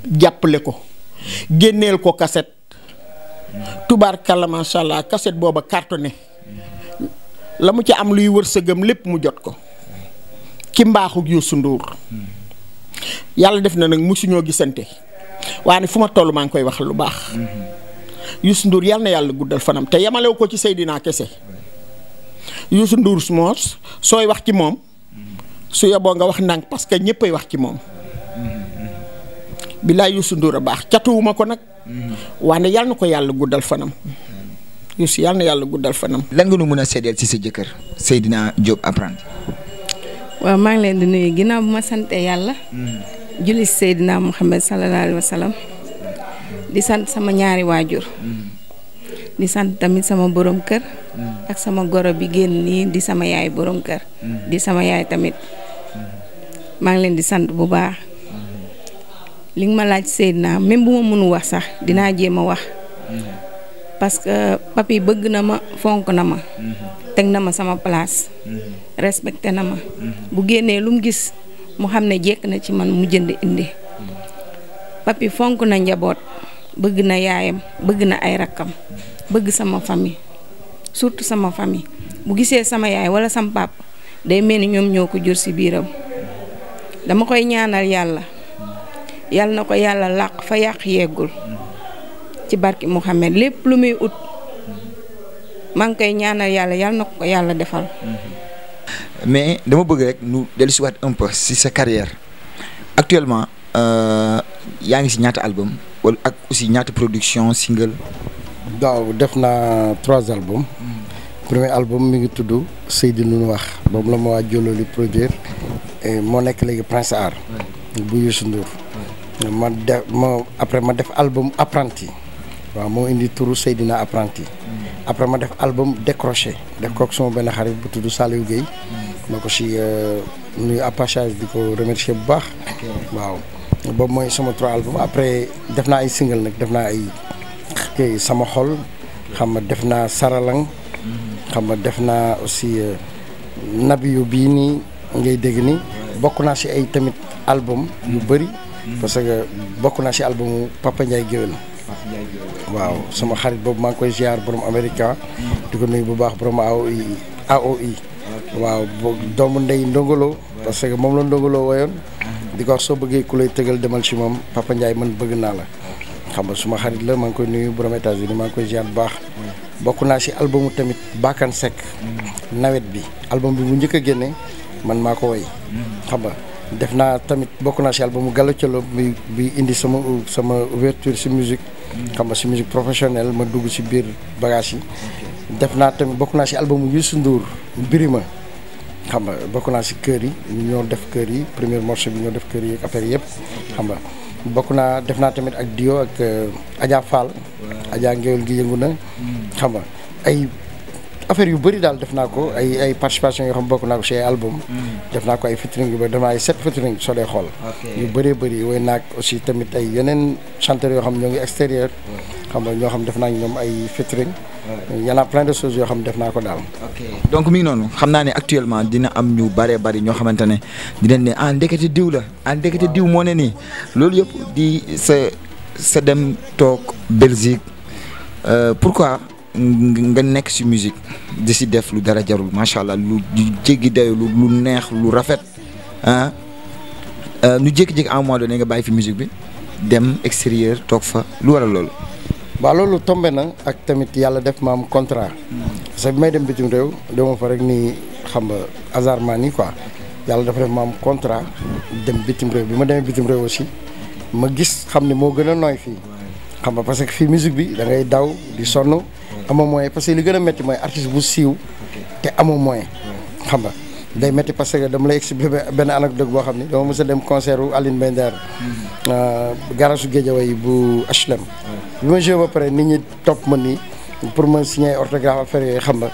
jàppale ko génneel ko kaset tubaar macha allah kaset booba cartonné la mu ci am luy wër sëgam lépp mu jot ko ci mbaaxug Youssou Ndour yàlla def na nag ñoo gisante waaye fu ma toll maa ngi koy wax lu baax Youssou Ndour yàlla na yàlla guddal fanam te yemalewu ko ci Seydina kese Youssou Ndour moos sooy wax ci moom su yeboo nga wax ndànk parce que ñëppay wax ci moom billaay Youssou Ndour a baax catuwuma ko nag waane yàlla na ko yàlla guddal fanam Youssou yàlla na yàlla guddal fanam lan nga nu mën a seedeel ci sa jëkkër Seydina Diop apprenti waaw maa ngi leen di nuyu ginnaaw bu ma sante yàlla julli Seydina Muhammad sallallahu alayhi wa sallam di sant sama ñaari waajur di sant tamit sama boroom kër. Mm. ak sama goro bi génn nii di sama yaay boroom kër. Mm-hmm. di sama yaay tamit. Mm-hmm. maa ngi leen di sant bu baax. Mm-hmm. li nga ma laaj naa même bu ma mënu wax sax dinaa jéem a wax. parce que papi bëgg na ma fonk na ma. teg na ma sama place. respecté na ma. bu génnee lu mu gis mu xam ne jekk na ci man mu jënd indi. papi fonk na njaboot bëgg na yaayam bëgg na ay rakkam. bëgg sama famille surtout sama famille bu gisee sama yaay wala sama pap day mel ni ñoom ñoo ko jur si biiram dama koy ñaanal yàlla yàlla na ko yàlla làq fa yàq yeggul ci barki Muhammad lépp lu muy ut maa ngi koy ñaanal yàlla yàlla na ko ko yàlla defal. mais dama bëgg rek nu dellusiwaat un peu si sa carrière actuellement euh, yaa ngi ci ñaata album wala ak aussi ñaata production single. daaw def naa trois albums. premier album mi ngi tudd Seydi nu nu wax boobu la ma waa Jololi produire moo nekk léegi Prince Art bu Youssou Ndour ma def ma après ma def album apprenti waaw moo indi turu Seydina apprenti mm. après ma def album décroché def kook sama benn xarit bu tudd Saliou Guèye mm. ma ko si euh, nuyu à di ko remercier bu baax waaw boobu mooy sama trois album après def naa ay single nag def naa ay marqué sama xol xam defna def saralang xam nga def naa aussi euh, nabiyu bi ni ngay deg ni bokk naa ay tamit album yu bëri parce que bokk naa si albumu Papa ndjay waaw sama xarit bobu ma koy ziar borom america di nuy bu baax borom AOI e, AOI e. waaw doomu ndey ndongolo parce que mom la ndongolo wayon di ko wax soo bëggee demal ci mom Papa ndjay man beug na la xam nga suma xarit la maa ngi koy nuyu borom États-Unis maa ngi koy ziar bu baax. bokk naa si album tamit Bakkan Seck. nawet bi album bi bu njëkk a génne man maa ko woy xam nga def naa tamit bokk naa si album Gallo Thiolo bi bi indi sama sama ouverture si musique xam nga si musique professionnelle ma dugg si biir bagage yi. def naa tamit bokk naa si album Youssou Ndour Birima xam nga bokk naa si kër yi ñoo def kër yi premier morceau bi ñoo def kër yi ak affaire yëpp xam nga. bokk naa def naa tamit ak duo ak euh, Adja Fall. Adja Ngéwél gi yëngu na. Hmm. xam nga ay affaire yu bëri daal def naa ko ay ay participation yoo xam bokk naa ko ci ay album. Hmm. def naa ko ay featuring yu bëri def naa ay sept featuring soo dee xool. yu bëree bëri woy naag aussi tamit ay yeneen chanteurs yoo xam ñoo ngi extérieur. xam nga ñoo xam def naa ñoom ay featuring. y en a de choses yoo xam def naa ko daal. ok donc mi ngi noonu xam naa ne actuellement dina am ñu bëree bëri ñoo xamante ne dinañ ne ah ndekete diw la. ah ndekete diw moo ne nii. loolu yëpp di sa dem toog Belgique euh, quoi nga nekk si musique di si def lu dara jarul macha allah lu jéggi dayo lu neex lu rafet ah nu euh, jékki-jékki à un moment donné nga bàyyi fi musique bi dem extérieur toog fa lu waral loolu. waaw loolu tombe na ak tamit yàlla def ma am contrat parce que bi may dem bitim réew dama fa rek nii xam nga hasardement nii quoi yàlla dafa def ma am contrat dem bitim réew bi ma demee bitim réew aussi ma gis xam ne moo gën a nooy fii xam nga parce que fii musique bi dangay daw di sonn amoo moyen parce que li gën a métti mooy artiste bu siiw te amoo moyen xam nga day metti parce que dama lay expliquer ben anecdote boo xam ni dama mësa dem concert Aline Bender mhm. euh, garage guedjaway bu HLM bima jëw ba paré nit ñi top ma ni pour ma signer orthographe affaire yi xam nga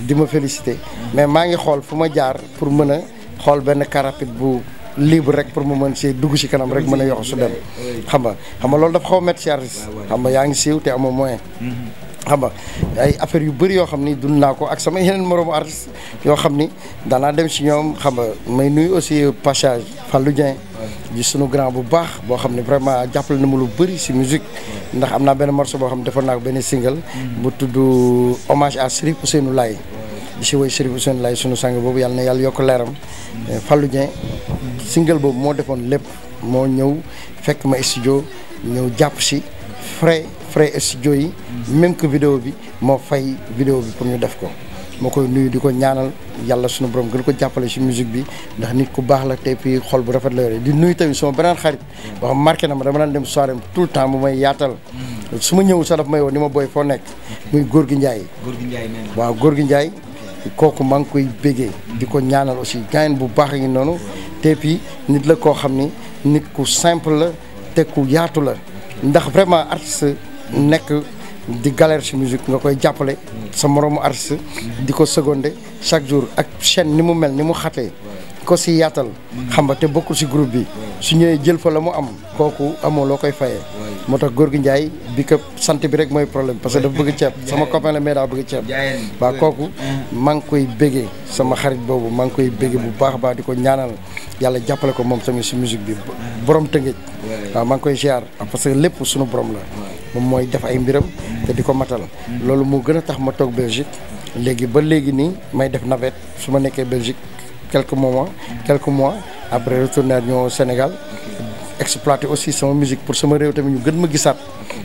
di ma mhm. mais ma ngi xol fuma jaar pour mëna xol ben benn bu libre rek pour mu mën si dugg si kanam rek mëna yox su dem xam nga xam nga loolu dafa xaw metti artiste xam nga yaangi siiw te moyen mhm xam nga ay affaire yu bëri yo xamni dund na ko ak sama yeneen morom artiste yo xamni ni dem ci ñom xam nga may nuy aussi passage fallu Dieng di sunu grand bu baax bo xamni vraiment jappal na mu lu si musique ndax amna ben morso morceau bo xamni defal na single bu tuddu hommage à Serif Ousseynou Lay di ci way Serif Ousseynou Lay sunu sang bobu yalla na yalla yok leeram eh, fallu single bobu mo defoon lepp mo ñew fekk ma studio ñew japp si frais frais studio yi même que vidéo bi moo fay vidéo bi pour ñu def ko moo koy nuyu di ko ñaanal yàlla suñu borom gën ko jàppale si musique bi ndax nit ku baax la te puis xol bu rafet la yore di nuyu tamit sama beneen xarit wax marqué na ma dama daan dem soirée tout le temps mu may yaatal hmm. su ma ñëwul sax daf may woo ni ma booy foo nekk hmm. muy góor gi Njaay waaw góor gi Njaay kooku maa ngi koy bégee hmm. di ko ñaanal aussi gaynde bu baax ngi noonu te puis nit la koo xam ni nit ku simple la te ku yaatu la ndax vraiment artiste nekk di galère ci musique nga koy jàppale sa moroomu artiste di ko secondé chaque jour ak chaîne ni mu mel ni mu xatee ko si yaatal xam nga te bokkul si groupe bi su ñëwee jël fa la mu am kooku amoon loo koy faye moo tax góor gi Ndiaye bi ko sant bi rek mooy problème parce que dafa bëgg ceeb sama copain la mais daa bëgg ceeb waaw kooku maa ngi koy béggee sama xarit boobu maa ngi koy béggee bu baax a baax di ko ñaanal yàlla jàppale ko moom tamit si musique bi borom tëngëj waaw maa ngi koy ziar parce que lépp suñu borom la mom moy def ay mbiram te diko matal lolou mo gën tax ma tok Belgique léegi ba léegi ni may def navette suma ma Belgique quelques moments quelques mois après retourner ñoo Sénégal exploiter aussi sama musique pour sama rew tamit ñu gën ma gissat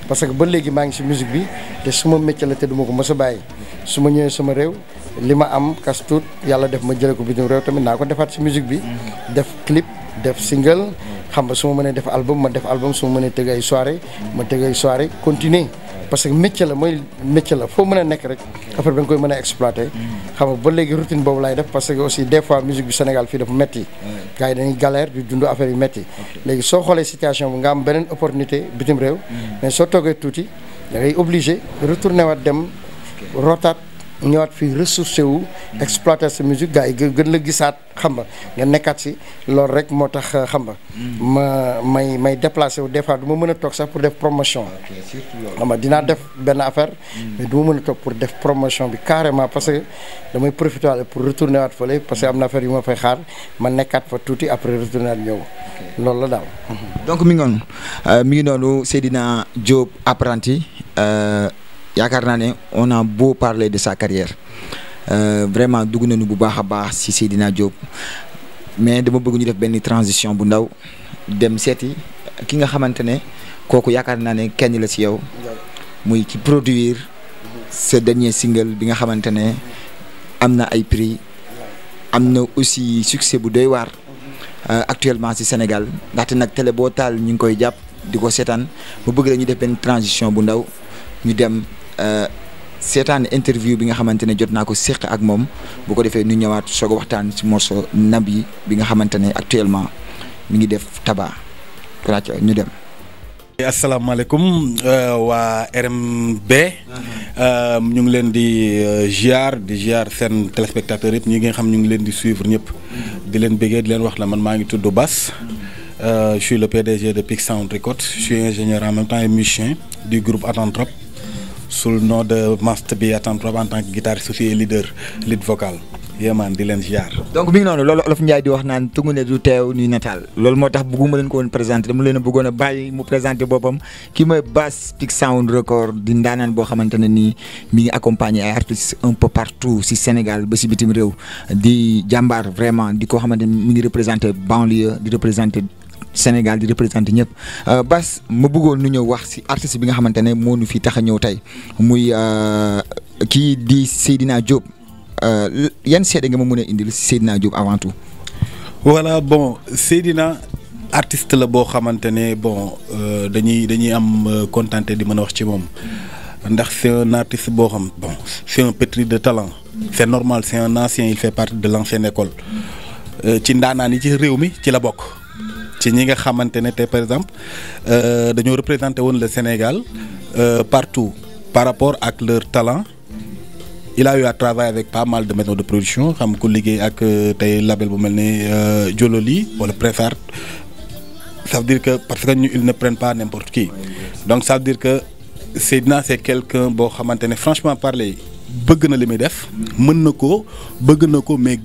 parce que ba léegi ma ngi ci musique bi te suma métier la te duma ko mësa a suma ñëw sama rew lima am kas yalla def ma jël ko bitim réew tamit naa ko defat ci musique bi def clip def single xam nga su ma mënee def album ma def album su ma mënee tëgg ay soirée ma tëgg ay soirée continuer parce que métier la mooy métier la foo mën a nekk rek après da nga koy mën a exploiter xam nga ba léegi routine boobu laay def parce que aussi des fois musique bi Sénégal fii dafa metti gars yi dañuy galère di dund affaire yu metti léegi soo xoolee situation bi nga am beneen opportunité bitim réew mm. mais soo toogee tuuti da ngay obligé retourner waat dem ñëwaat fii ressourcé wu exploiter sa musique gars yi gën la gisaat xam nga nga nekkaat si loolu rek moo tax euh, xam nga mm. ma may may déplacé wu des fois du ma mën a toog sax pour def promotion ah, xam nga dinaa def benn affaire mm. mais du ma mën a toog pour def promotion bi carrément parce que damay profité waale pour retourner waat fële parce que am na affaire yu ma fay xaar ma nekkaat fa tuuti après retourner waat ñëw loolu la daal donc mi euh, ngi noonu mi noonu Seydina Diop apprenti euh, yaakaar naa ne on a beau parler de sa carrière euh, vraiment dugg nañu bu baax a baax si Seydina Diop mais dama bëgg ñu def benn transition bu ndaw dem seeti ki nga xamante ne kooku yaakaar naa ne kenn la si yow muy ki produire ce dernier single bi nga xamante ne am na ay prix am na aussi succès bu doy waar euh, actuellement si Sénégal ndaxte nag télé boo taal ñu ngi koy jàpp di ko seetaan mu bëgg ñu def benn transition bu ndaw ñu dem Euh, Setan interview bi nga xamante ne jot ko séq ak mom bu ko defee ñu ñëwaat soog waxtaan ci Nabi bi nga xamante ne actuellement mi ngi def taba rajo ñu dem. asalaamaaleykum euh, wa RMB. Euh, ñu ngi leen di jiar di jiar sen téléspectateur yëpp ñi nga xam ñu ngi leen di suivre ñëpp. di leen bëggee di leen wax la man ma ngi tuddu Bass. je suis le PDG de Pic Sound Records je suis ingénieur en même temps et musicien du groupe Euh, sous le nom de Master Biatan Probe en tant que guitariste aussi et leader lead vocal. yéemaan di leen ziar. donc mi ngi noonu loolu olof Ndiaye di wax naan tungu ne du teew ñuy nataal loolu moo tax bëgguma leen ko woon présenté dama leen a bëggoon a bàyyi mu présenté boppam ki mooy Bass Peak Sound Record di ndaanaan boo xamante ne nii mi ngi accompagne ay artistes un peu partout si Sénégal ba si bitim réew di jàmbaar vraiment di ko xamante ni mi ngi représenté banlieue di représenté Sénégal di représenté ñëpp euh, Bas ma bëggol ñu ñëw wax ci artiste bi nga xamantene mo ñu fi tax ñëw tay muy euh ki di Seydina Diop euh yeen sédé nga ma mën a Seydina Diop avant tout. voilà bon Seydina artiste la bo xamantene bon euh dañuy dañuy am euh, contenté di mëna wax ci mom ndax c'est un artiste bo xam bon c'est un pétri de talent. c'est normal c'est un ancien il fait partie de l'ancienne école. Euh, ci ndaanaan yi ci réew mi ci la bokk ci ñi nga par exemple euh, dañoo représenté woon le Sénégal euh, partout par rapport à leur talent il a eu à travailler avec pas mal de maisons de production xam ko liggéey ak euh, tey label bu mel ne Djololi wala Préfart ça veut dire que parce que ñu ils ne prennent pas n'importe qui donc ça veut dire que Sidna c'est quelqu'un qui, xamante franchement parler bëgg na li muy def mën na ko bëgg na mais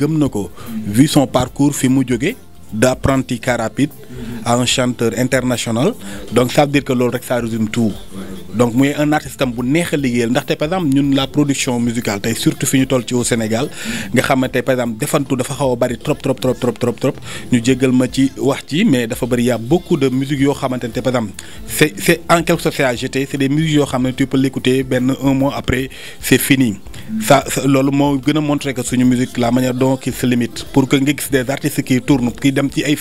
vu son parcours fi mu d'apprenti car rapide à un chanteur international donc ça veut dire que ça résume tout donc moi, un artiste qui par exemple la production musicale surtout au Sénégal Nous avons par exemple choses trop trop trop trop trop trop ñu ma mais il y a beaucoup de musique par c'est en quelque sorte à c'est des musiques que tu peux l'écouter un mois après c'est fini ça montrer que suñu musique la manière dont il se limite pour que des artistes qui tournent qui dem ci ay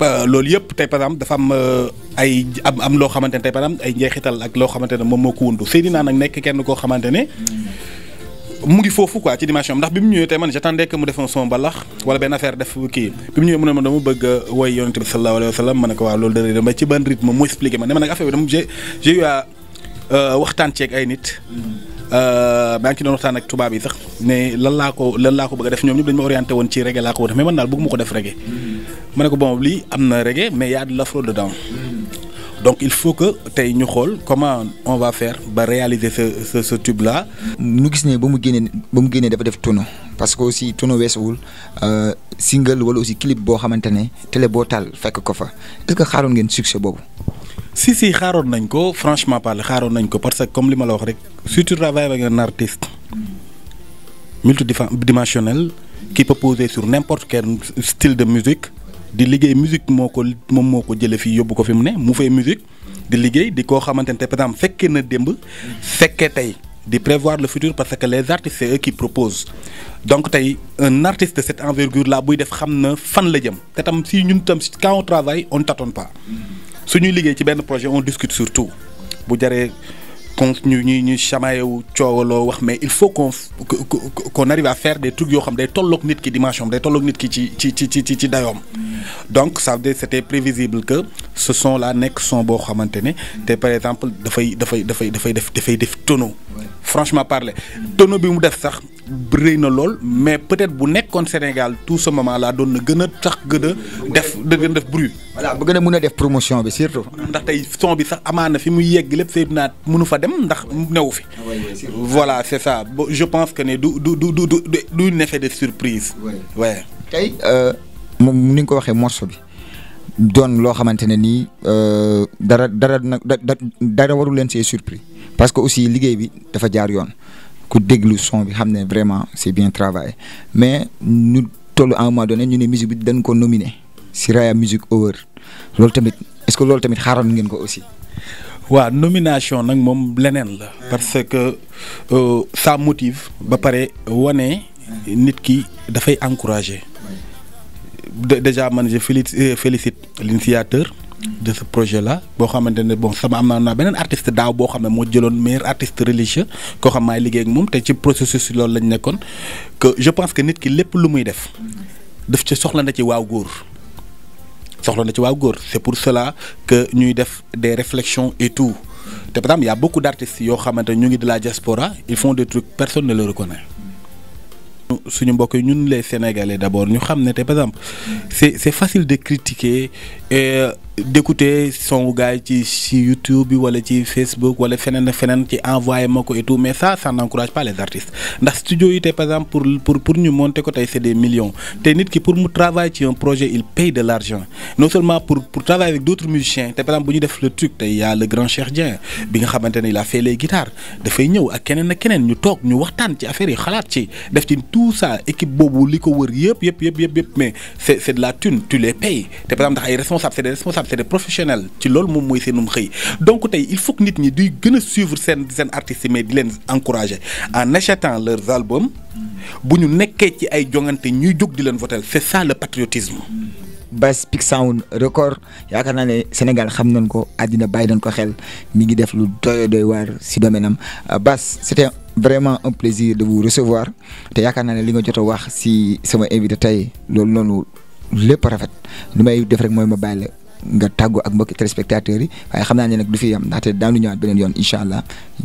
loolu yëpp tey par dafa am euh, ay am am loo xamante ne tey par ay njeexital ak loo xamante ne moom moo ko wundu Seydina nag nekk kenn koo xamante ne mu ngi foofu quoi ci dimension ndax bi mu ñëwee tey man j'attendais que mu defoon son mbalax wala benn affaire def kii ne ma dama bëgg a woy yonente bi sallallahu alayhi wa sallam ne ko waaw loolu dara dama ci ban rythme mu expliqué ma ne ma nag affaire bi euh, waxtaan ceeg ay nit euh, maa ngi ci doon waxtaan ak tubaab yi sax ne lan laa ko lan laa a def woon ci reggae laa ko woon mais man daal bëgg ma ko def reggae Je ne ko bon lii am na reggae mais y a de l'afro dedans donc il faut que nous ñu comment on va faire ba réaliser ce ce ce tube là. Nous gis sommes ba mu génnee ba mu génnee tono parce que aussi tono weesuwul euh, single wala aussi clip boo xamante ne télé boo taal fekk ko est-ce que xaaroon un succès boobu. si si xaaroon nañ ko franchement parle xaaroon nañ ko parce que comme je l'ai dit, si tu travailles avec un artiste multidimensionnel qui peut poser sur n'importe quel style de musique di liggéey musique moo ko moom moo ko jëlee fii yóbbu ko fi mu ne mu fay musique di liggéey di koo xamante par exemple fekkee na démb fekkee tey di prévoir le futur parce que les artistes c'est eux qui proposent donc tey un artiste de cette envergure là buy def xam na fan la jëm te tam si ñun tam quand on travaille on tâtonne pas su ñuy liggéey ci benn projet on discute surtout bu jaree mais il faut qu'on arrive à faire des trucs yoo xam day tolloog nit ki dimension day nit ki ci donc ça c'était prévisible que ce son là son par exemple dafay dafay dafay franchement parler tonneau bi mu def sax rëy na lool mais peut-être bu nekkoon Sénégal tout ce moment là donne gëna tax gëna def gën a def bruit. voilà ba gën a def promotion bi surtout. ndax tay son bi sax amana fi muy yegg lepp sëy naa mënu fa dem ndax newu fi. voilà c'est ça je pense que né du du du du du du effet de surprise. ouais tey euh, moom ni nga ko waxé morceau bi. doon lo xamante ni euh dara dara dara waru len see surprise parce que aussi liggéey bi dafa jaar yoon ku déglu son bi xam ne vraiment c'est bien travaillé mais ñu toll à un moment donné ñu ne musique bi dañ ko nominer si Raya Music Award loolu tamit est-ce que loolu tamit xaaroon ngeen ko aussi. Wa nomination nag moom leneen la. parce que euh, ça motive. ba pare wane nit ki dafay encourager. déjà man je euh, félicite l'initiateur de ce projet là bo xamantene bon sama amna naa beneen artiste daw bo xamne mo moo meilleur artiste religieux ko xam maay liggéey ak moom te ci processus lool lañ nekkoon que je pense que nit ki lepp lu muy def def ci soxla na ci waaw goor soxla na ci waaw goor c'est pour cela que ñuy def des réflexions et tout te par exemple y a beaucoup d'artistes yo xamantene ñu ngi de la diaspora ils font des trucs personne ne le reconnaît suñu mbokk yi ñun les sénégalais d'abord ñu xam ne te par exemple c'est c'est facile de critiquer et d'écouter son gars sur YouTube ou sur Facebook ou fenen fenen qui envoie ma et tout mais ça ça n'encourage pas les artistes le studio il était par exemple pour pour pour ñu monter ko c'est des millions te nit ki pour nous travailler ci un projet il paye de l'argent non seulement pour pour travailler avec d'autres musiciens par exemple bu def le truc il y a le grand Cheikh Bien bi nga il a fait les guitares De fait ak à kenen keneen ñu toog nous waxtaan qui affaire yi les ci fait ci tout ça équipe boobu liko wër yëpp yëpp mais c'est c'est de la thune tu les payes par exemple responsable responsables c'est des responsables d'intérêt professionnel ci loolu moom moy senum xey donc tay il faut que nit ñi di gëna suivre sen sen artistes mais di len encourager en achetant leurs albums buñu nekké ci ay jongante ñuy jog di len voter c'est ça le patriotisme. Bass Peak Sound record yaakaar naa ne Sénégal xam nañ ko adina bàyyi nañ ko xel mi ngi def lu doy doy war si domaine am euh, Bass c'était vraiment un plaisir de vous recevoir te yaakaar naa ne li nga jot wax ci sama invité tay loolu noonu lépp rafet lu may def rek moy ma bàyyi nga tàggu ak mbokki téléspectateurs yi waaye xam naa ne nag du fi yam ndaxte daanu ñëwaat beneen yoon incha allah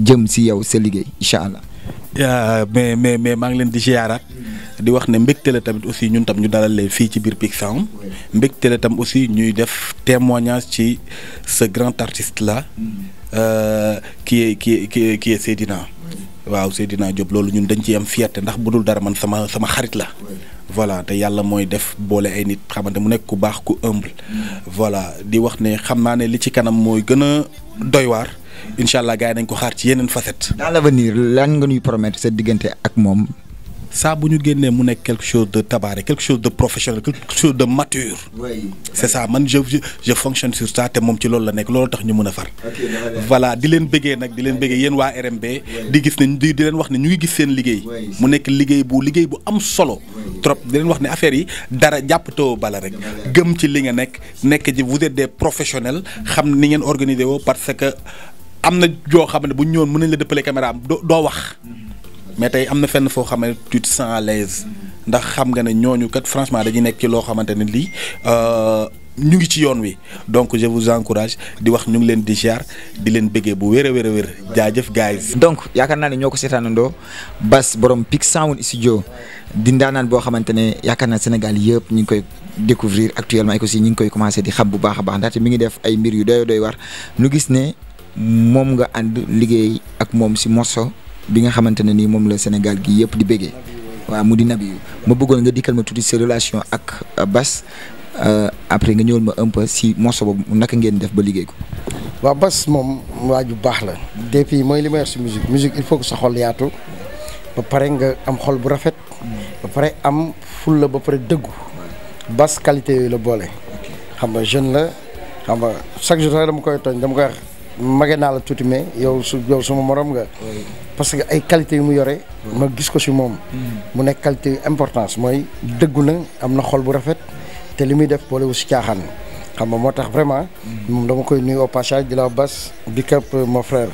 jëm si yow sa liggéey incha allah. mais mais mais maa ngi leen di ziaraat di wax ne mbégte la tamit aussi ñun tam ñu dalal leen fii ci biir Big Sound mbégte la tam aussi ñuy def témoignage ci ce grand artiste la mm. euh, qui est ki ki qui est waaw dinaa Diop loolu ñun dañ ciy am fierté ndax bu dul dara man sama sama xarit la. voilà te yàlla mooy def boole ay nit xamante mu nekk ku baax ku humble. Mm. voilà di wax ne xam naa ne li ci kanam mooy gën a doy waar. Mm. incha allah gars yi nañ ko xaar ci yeneen faset dans l'avenir lan nga ñuy promettre sa diggante ak moom. ça bu ñu génnee mu nek quelque chose de tabaré quelque chose de professionnel quelque chose de mature. oui ça man je je fonctionne sur ça té mom ci loolu la nek loolu tax ñu mëna far. voilà di leen bëggee nak di leen bëggee yeen wa RMB. di gis ne di leen wax ni ñu ngi gis seen liggéey. mu nek liggéey bu liggéey bu am solo. trop di leen wax ni affaire yi dara to bala rek. gëm ci li nga nek nekk ji vous êtes des professionnels xam ni ngeen organiser parce que am jo joo bu ñu ñëwoon mën nañ la dëppale caméra do, doo wax. Mm-hmm. mais tey am na fenn foo xam ne tu te ndax xam nga ne ñooñu kat franchement dañuy nekk ci loo xamante ne lii euh, ñu ngi ci yoon wi donc je vous encourage di wax ñu ngi leen di ziar di leen bëggee bu wér a wér a wér jaajëf guys donc yaakaar naa ne ñoo ko seetaanandoo Bass borom Peak Sound studio di naan boo xamante ne yaakaar naa Sénégal yëpp ñu ngi koy découvrir actuellement ak aussi ñu ngi koy commencé di xam bu baax a baax ndaxte mi ngi def ay mbir yu doy doy war ñu gis ne moom nga ànd liggéey ak moom si morceau bi nga xamante ne nii moom la Sénégal gi yëpp di béggee waaw mu di Nabiou ma bëggoon nga dikkal ma tuuti sa relation ak euh, Bass euh, après nga ñëwal ma un peu si morceau boobu naka ngeen def ba liggéey ko. waaw Bass moom waa ju baax la. depuis mooy li ma yor si musique musique il faut que sa xol yaatu. ba pare nga am xol bu rafet. ba pare am ful la ba pare dëggu. Bass qualité yooyu la boole. xam nga jeune la xam nga chaque jour dama koy tooñ dama koy wax naa la tuuti mais yow su yow morom nga. parce que ay qualité yu mu yoré mm. ma gis ko ci mom mm. mu nek qualité importance moy dëggu na am xol bu rafet té li def bolé wu ci caaxaan xam nga motax vraiment mom mm. dama koy nuyu au passage di la bi cap euh, mon frère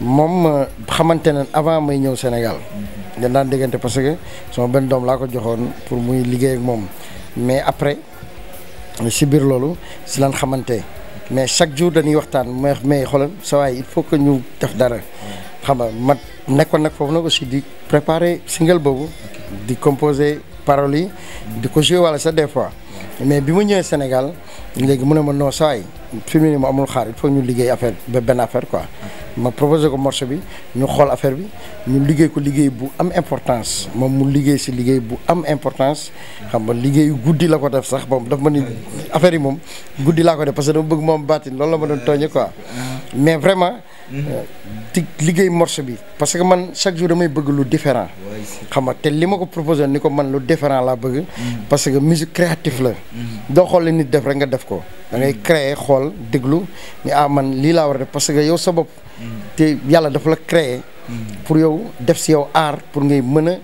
mom euh, xamante avant may ñew Sénégal mm-hmm. da nan digënté parce que sama ben dom la ko joxone pour muy liggéey ak mom mais après ci bir lolu ci lan xamanté mais chaque jour dañuy waxtaan mais xolal sa way il faut que ñu def dara xam nga mat nekkoon nag foofu aussi di préparer single boobu di composer paroles yi di ko des fois mais bi Sénégal léegi mu ne ma non mu amul xaar faut ñu affaire affaire quoi ma proposé ko bi ñu affaire bi ñu liggéey ko bu am importance moom mu liggéey si am importance xam la ko def sax daf ma ni parce que bëgg la ma quoi mais vraiment di liggéey morceau bi parce que man chaque jour damay bëgg lu différent xam nga te li ma ko proposé ni ko man lu différent laa bëgg parce que musique créative la doo xool li nit def rek nga def ko da ngay créer xool déglu ni ah man lii laa war a def parce que yow sa bopp te yàlla dafa la créer pour yow def si yow art pour ngay mën a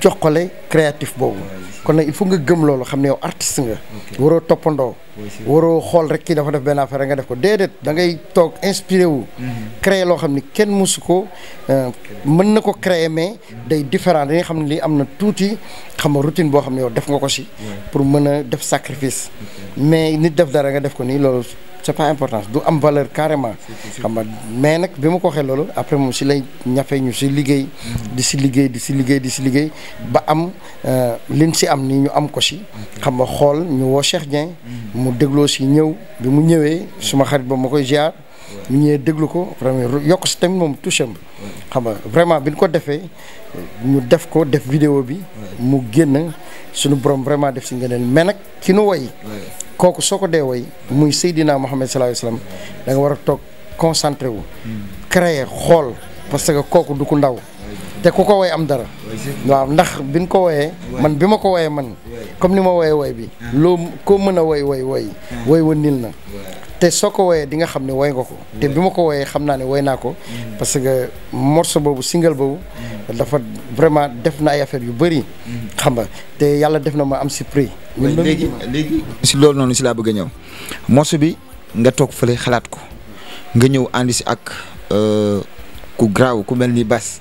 joxale créatif boobu kon nag il faut nga gëm loolu xam ne yow artiste nga waroo toppandoo waroo xool rek kii dafa def benn affaire nga def ko déedéet da ngay toog inspiré wu mhm. créer loo xam ni kenn mosu ko euh, mën na ko créer mais mhm. day différent da nga xam ne lii am na tuuti xam nga routine boo xam ne yow def nga ko si pour mën a def sacrifice mais nit def dara nga def ko nii loolu c'est pas importance du am valeur carrément. xam nga mais nag bi ma ko waxee loolu après moom si lay ñafe ñu si liggéey. di si liggéey di si liggéey di si liggéey ba am euh, liñ si am nii ñu am ko si. xam nga xool ñu woo Cheikh Dieng. Mm-hmm. mu dégloo si ñëw bi mu ñëwee suma xarit ba ma koy ziar. ñu ñëwee déglu ko vraiment yokk si tamit moom touche am xam nga vraiment bi nu ko defee ñu def ko def vidéo bi mu génn. suñu borom vraiment def si ngëneel mais nag ki nu woy kooku soo ko dee woy muy Seydina Muhammad sallallahu alayhi wa sallam da nga war a toog concentré wu hmm. créer xool parce que kooku du ku ndaw te ku ko woy am dara waaw ndax bi nu ko woyee man bi ma ko woyee man comme ni ma woyee woy bi loo ko mën a woy woy woy woy wo nil na te soo ko woyee di nga xam ne woy nga ko te bi ma ko woyee xam naa ne woy naa ko parce que morceau boobu single boobu dafa vraiment def na ay affaire yu bëri xam nga te yàlla def na ma am si prix léegi si loolu noonu si laa bëgg a ñëw morceau bi nga toog fële xalaat ko nga ñëw àndi si ak euh, ku graaw ku mel ni bas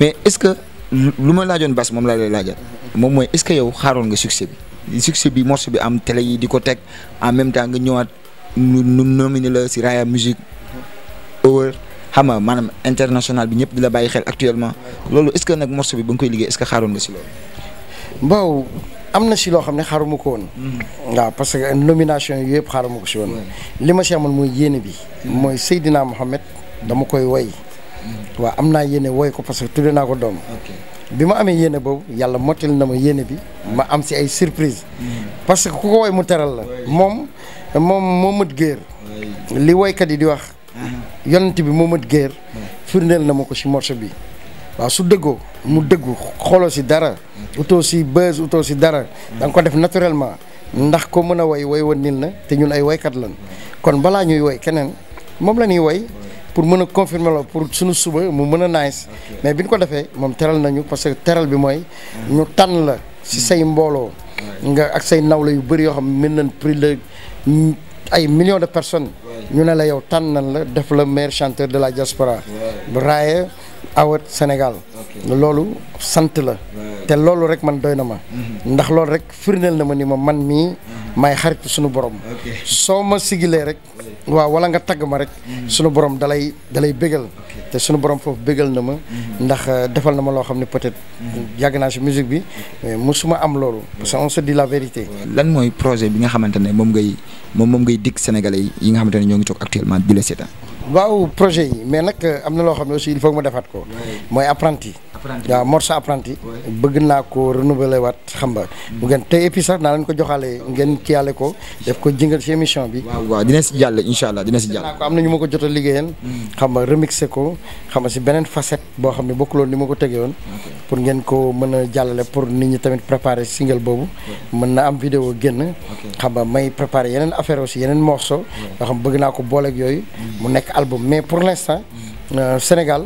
mais est-ce que lu ma laajoon Bass moom laa lay laajal moom mooy est-ce que yow xaaroon nga succès bi succès bi morceau bi am télé yi di ko teg en même temps nga ñëwaat nu nu nominé la si Raaya Musique Award xam maanaam international bi ñëpp di la bàyyi xel actuellement loolu est-ce que nag morceau bi ba nga koy liggéey est-ce que xaaroon nga si loolu. bon am na si loo xam ne xaaruma ko woon. Hmm. waaw parce que nomination yooyu yëpp xaaruma ko si woon. li ma si amoon mooy yéene bi. Hmm. mooy Seydina Mohamed dama koy woy waaw am naa yéene wooy ko parce que tudde naa ko doom bi ma amee yéene boobu yàlla mottil na ma yéene bi ma am si ay surprise mm. parce que ku ko woy mu teral la moom moom moo mët géer li woykat yi di wax uh-huh. yonent bi moo mët géer firndeel na ma ko si morceau bi waaw su dëggoo mu dëggu xooloo si dara utoo si buzz utoo si dara danga ko def naturellement ndax ko mën a woy woy woon nil na te ñun ay woykat lan kon balaa ñuy woy keneen moom la ñuy woy pour mën a confirmer la pour suñu suba mu mën a nice mais bi ñu ko defee moom teral nañu parce que teral bi mooy ñu tànn la si mm. say mbooloo nga ak say nawle yu bëri yoo xam mën nañ prix la ay millions de personnes ñu ne la yow tànnan la def la meilleur chanteur de la diaspora raaye awat Sénégal loolu sant la te loolu rek man doy na ma mm-hmm. ndax loolu rek firndeel na ma ni ma man mii may mm-hmm. xarit suñu borom soo ma sigilee rek waaw wala nga tagg ma rek mm-hmm. sunu borom dalay dalay bégal te sunu borom foofu bégal na ma mm-hmm. ndax euh, defal na ma loo xam ne peut-être mm-hmm. yàgg naa si musique bi mu su ma am loolu parce que on se dit la vérité lan mooy projet bi nga xamante ne moom ngay moom moom ngay dig sénégalais yi nga xamante ne ñoo ngi toog actuellement di la seetaan waaw projet yi mais nag euh, am na loo xam ne aussi il faut ma defaat ko mooy apprenti waaw morceau apprenti bëgg naa ko renouveler waat xam nga mm. bu ngeen te et puis sax naa leen ko joxaale ngeen ci ko def ko jingal ci émission bi waaw waaw dina si jàll incha allah dina si jàll ko am na ñu ma ko jot a liggéeyeen mm. xam nga ko xam nga si beneen facette boo xam ne bokkuloon ni ma ko tegee woon pour ngeen ko mën a jàllale pour nit ñi tamit préparer single boobu mën na am vidéo génn xam nga may préparer yeneen affaire aussi yeneen morceau yoo xam bëgg naa ko booleeg yooyu mm. mu nekk album mais pour l'instant euh, Sénégal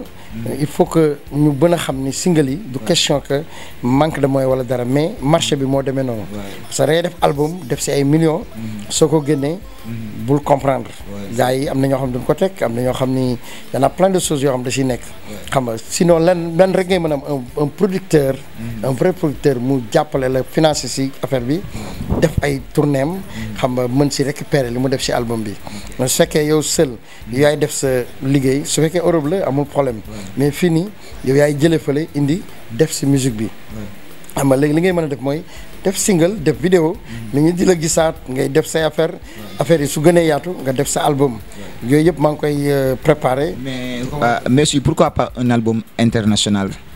il faut que ñu bëna a xam ni single du question que manque de moyens wala dara mais marché bi démé non parce que rey def album def ci ay millions soko ko génnee bul comprendre gars yi am na ñoo xam duñ ko tek am na ñoo xam ni plein de choses yo xam da ci nek xam nga sinon lan ben rek ngay mëna a un producteur un vrai producteur mu jappalé la financer ci affaire bi def ay tournéem xam nga mën si récupérer li mu def ci album bi su fekkee yow seul yaay def sa liggéey su fekkee Europe la amul problème mais fii nii yow yaay jëlee fale indi def si musique bi. xam nga léegi li ngay mën a def mooy def single def vidéo mm-hmm. nit ñi di la gisaat ngay def sa affaire affaire yi su gënee yaatu nga def sa album yooyu yëpp maa ngi koy euh, préparé. mais ah, mais pourquoi pas un album international.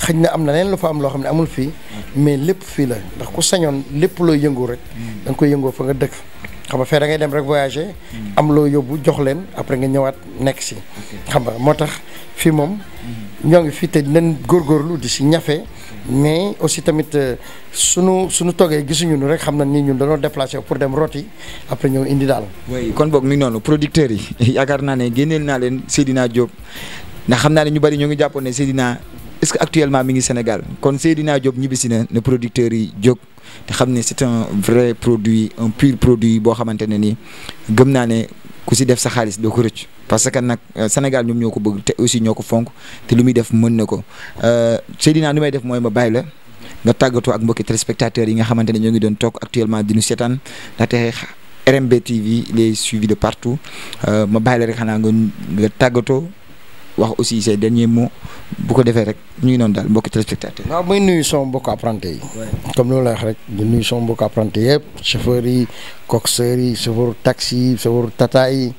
xëj na am na leen lu fa am loo xam ne amul fii mais lépp fii la ndax ku sañoon lépp looy yëngu rek da nga koy yëngoo fa nga dëkk xam nga fee da ngay dem rek voyager am loo yóbbu jox leen après nga ñëwaat nekk si xam nga moo tax fii moom ñoo ngi fii te dinañ góorgóorlu di si ñafe mais aussi tamit euh, sunu suñu toogee gisuñu nu rek xam na ni ñun dañoo déplacé pour dem rooti après ñëw indi daal oui kon boog mi noonu producteurs yi yaakaar naa ne génneel naa leen Seydina Diop ndax xam naa ñu bari ñoo ngi jàppoon ne Seydina est-ce que actuellement mi ngi Sénégal kon Seydina Diop ñibbisi na ne producteurs yi jog te xam ne c'est un vrai produit un pur produit boo xamante ne ni gëm naa ne ku si def sa xaalis doo ko rëcc parce que nag euh, Sénégal ñoom ñoo ko bëgg te aussi ñoo ko fonk te lu muy def mën na ko euh, Seydina lu may def mooy ma bàyyi la nga tàggatoo ak mbokki téléspectateurs yi nga xamante ne ñoo ngi doon toog actuellement dinu nu seetaan ndaxte RMB TV les suivi de partout euh, ma bàyyi la rek xanaa nga tàggatoo. wax aussi say dernier mot bu ko defee rek ñu ngi noonu daal mbokki téléspectateur. waaw may nuyu sama mbokk apprenti yi. comme loolu la wax rek di nuyu sama mbokk apprenti yëpp chauffeurs yi coxeurs yi chauffeur taxi yi chauffeur tata yi.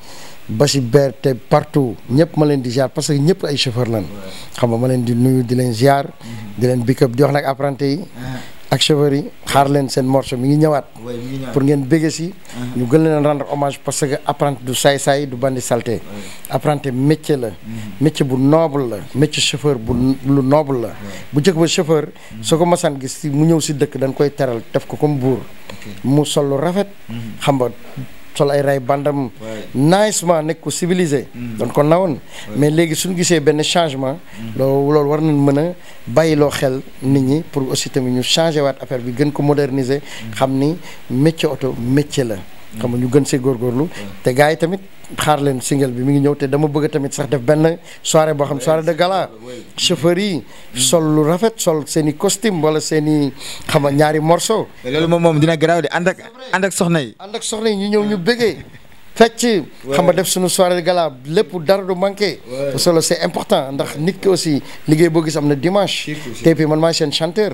ba si ber te partout ñëpp ma leen di ziar parce que ñëpp ay chauffeur lan xam nga ma leen di nuyu di leen ziar. Mm-hmm. di leen bikk di wax nag apprenti yi. Ah. ak chauffeur yi xaar leen seen morceau mi ngi ñëwaat. pour ngeen bége si. Uh-huh. ñu gën leen rendre hommage parce que apprenti du saay-saay du bandi salté apprenti métier la. Uh-huh. métier bu noble la. métier chauffeur bu lu noble la. bu njëkk ba chauffeur. Uh-huh. soo ko masaan gis mu ñëw si dëkk dañ koy teral def ko comme buur. mu sol lu rafet. xam nga sol ay ray bandam nicement nekk ku civilisé mm. doon ko nawoon mais léegi suñu gisee benn changement mm. loolu loolu war nañ mën a bàyyiloo xel nit ñi pour aussi tamit ñu changé waat affaire bi gën ko moderniser mm. xam ni métier oto métier la xam ma ñu gën see góorgóorlu te gars yi tamit xaar leen single bi mi ngi ñëw te dama bëgg tamit sax def benn soirée boo xam soirée de gala chauffeur yi sol lu rafet sol seen i costume wala seen i xam nga ñaari morceau loolu moom moom dina garaaw di ànd ak ànd ak soxna yi ànd ak soxna yi ñu ñëw ñu bëggee fecc xam nga def suñu soirée gala lépp dara du manqué parce que c'est important ndax nit ki aussi liggéey boo gis am na dimanche tey puis man maay seen chanteur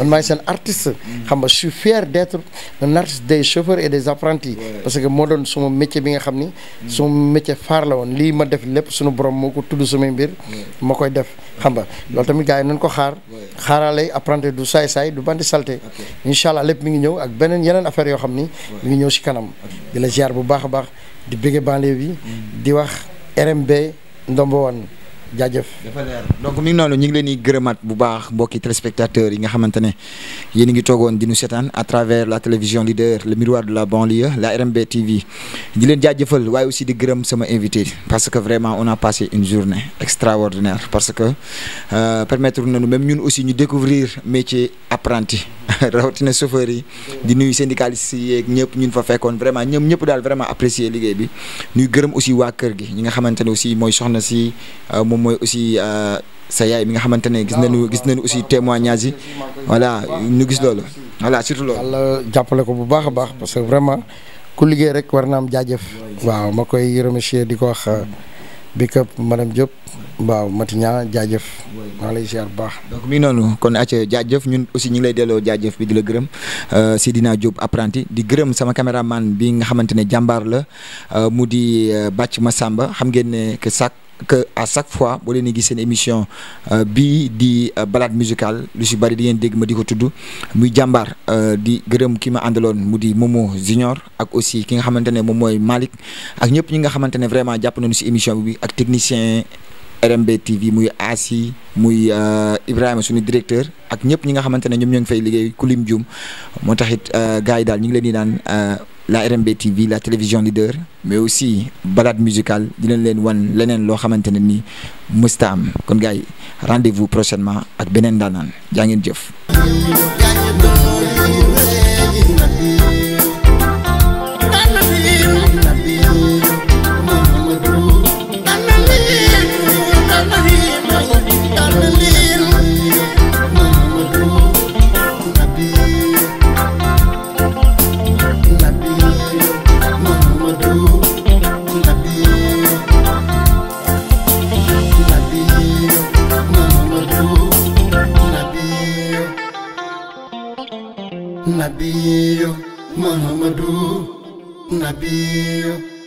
man maay seen artiste xam nga je fier d'être un artiste des chauffeurs et des apprentis parce que moo doon suma métier bi nga xam ni suma métier faar la woon lii ma def lépp suñu borom moo ko tudd sumay mbir ma koy def xam nga loolu tamit gars yi nañ ko xaar xaaraalay apprenti du saay saay du bandi salté incha allah lépp ngi ñëw ak beneen yeneen affaire yoo xam ni mi ngi ñëw si kanam di la bu baax a baax di bëgge banlieue bi di wax RMB ndombo wan jajeuf dafa leer donc ni ngi ñi ngi leen di gërëmaat bu baax mbokki téléspectateurs yi nga xamantene yeen a ngi togon di ñu sétane à travers la télévision leader le miroir de la banlieue la RMB TV di leen jajeufal way aussi di gërëm sama invité parce que vraiment on a passé une journée extraordinaire parce que euh, permettre nañu même ñun aussi ñu découvrir métier apprenti rawatina chauffeur yi di nuyu syndicalistes yi yeeg ñëpp ñun fa fekkon vraiment ñoom ñepp daal vraiment apprécier liguey bi ñuy gërëm aussi wa kër gi ñi nga xamantene aussi moy soxna si euh, mooy aussi euh, sa yaay mi nga xamante ne gis nañu gis nañu aussi témoignage yi voilà ñu gis loolu voilà surtout loolu. yàlla jàppale ko bu baax a baax parce que vraiment ku liggéey rek war na am jaajëf. waaw ma koy remercier di ko wax euh, big up madame Diop. waaw Matigna jaajëf. maa ngi bu baax. donc mi noonu kon acca jaajëf ñun aussi ñu ngi lay delloo jaajëf bi di la gërëm euh, si dinaa Diop apprenti di gërëm sama caméraman bi nga xamante ne jàmbaar la euh, mu di euh, Bàcc ma Massamba xam ngeen ne que sax que à chaque fois boo leen di gis seen émission bi di balade musicale lu si bëri di ngeen dégg ma di ko tudd muy jàmbaar di gërëm ki ma àndaloon mu di Momo Junior ak aussi ki nga xamante ne moom mooy Malick ak ñëpp ñu nga xamante ne vraiment jàpp nañu si émission bi ak technicien. RMB TV muy Asi muy euh, Ibrahima suñu directeur ak ñëpp ñi nga xamante ne ñoom ñoo ngi fay liggéey Kulim Dioum moo taxit euh, gars yi daal ñu ngi leen di naan euh, la RMB TV la télévision leader mais aussi balade musicale di leen leen wan leneen loo xamante ne nii mësta am kon gars yi rendez-vous prochainement ak beneen daanaan jaa ngeen jëf. Mamadou Nabil.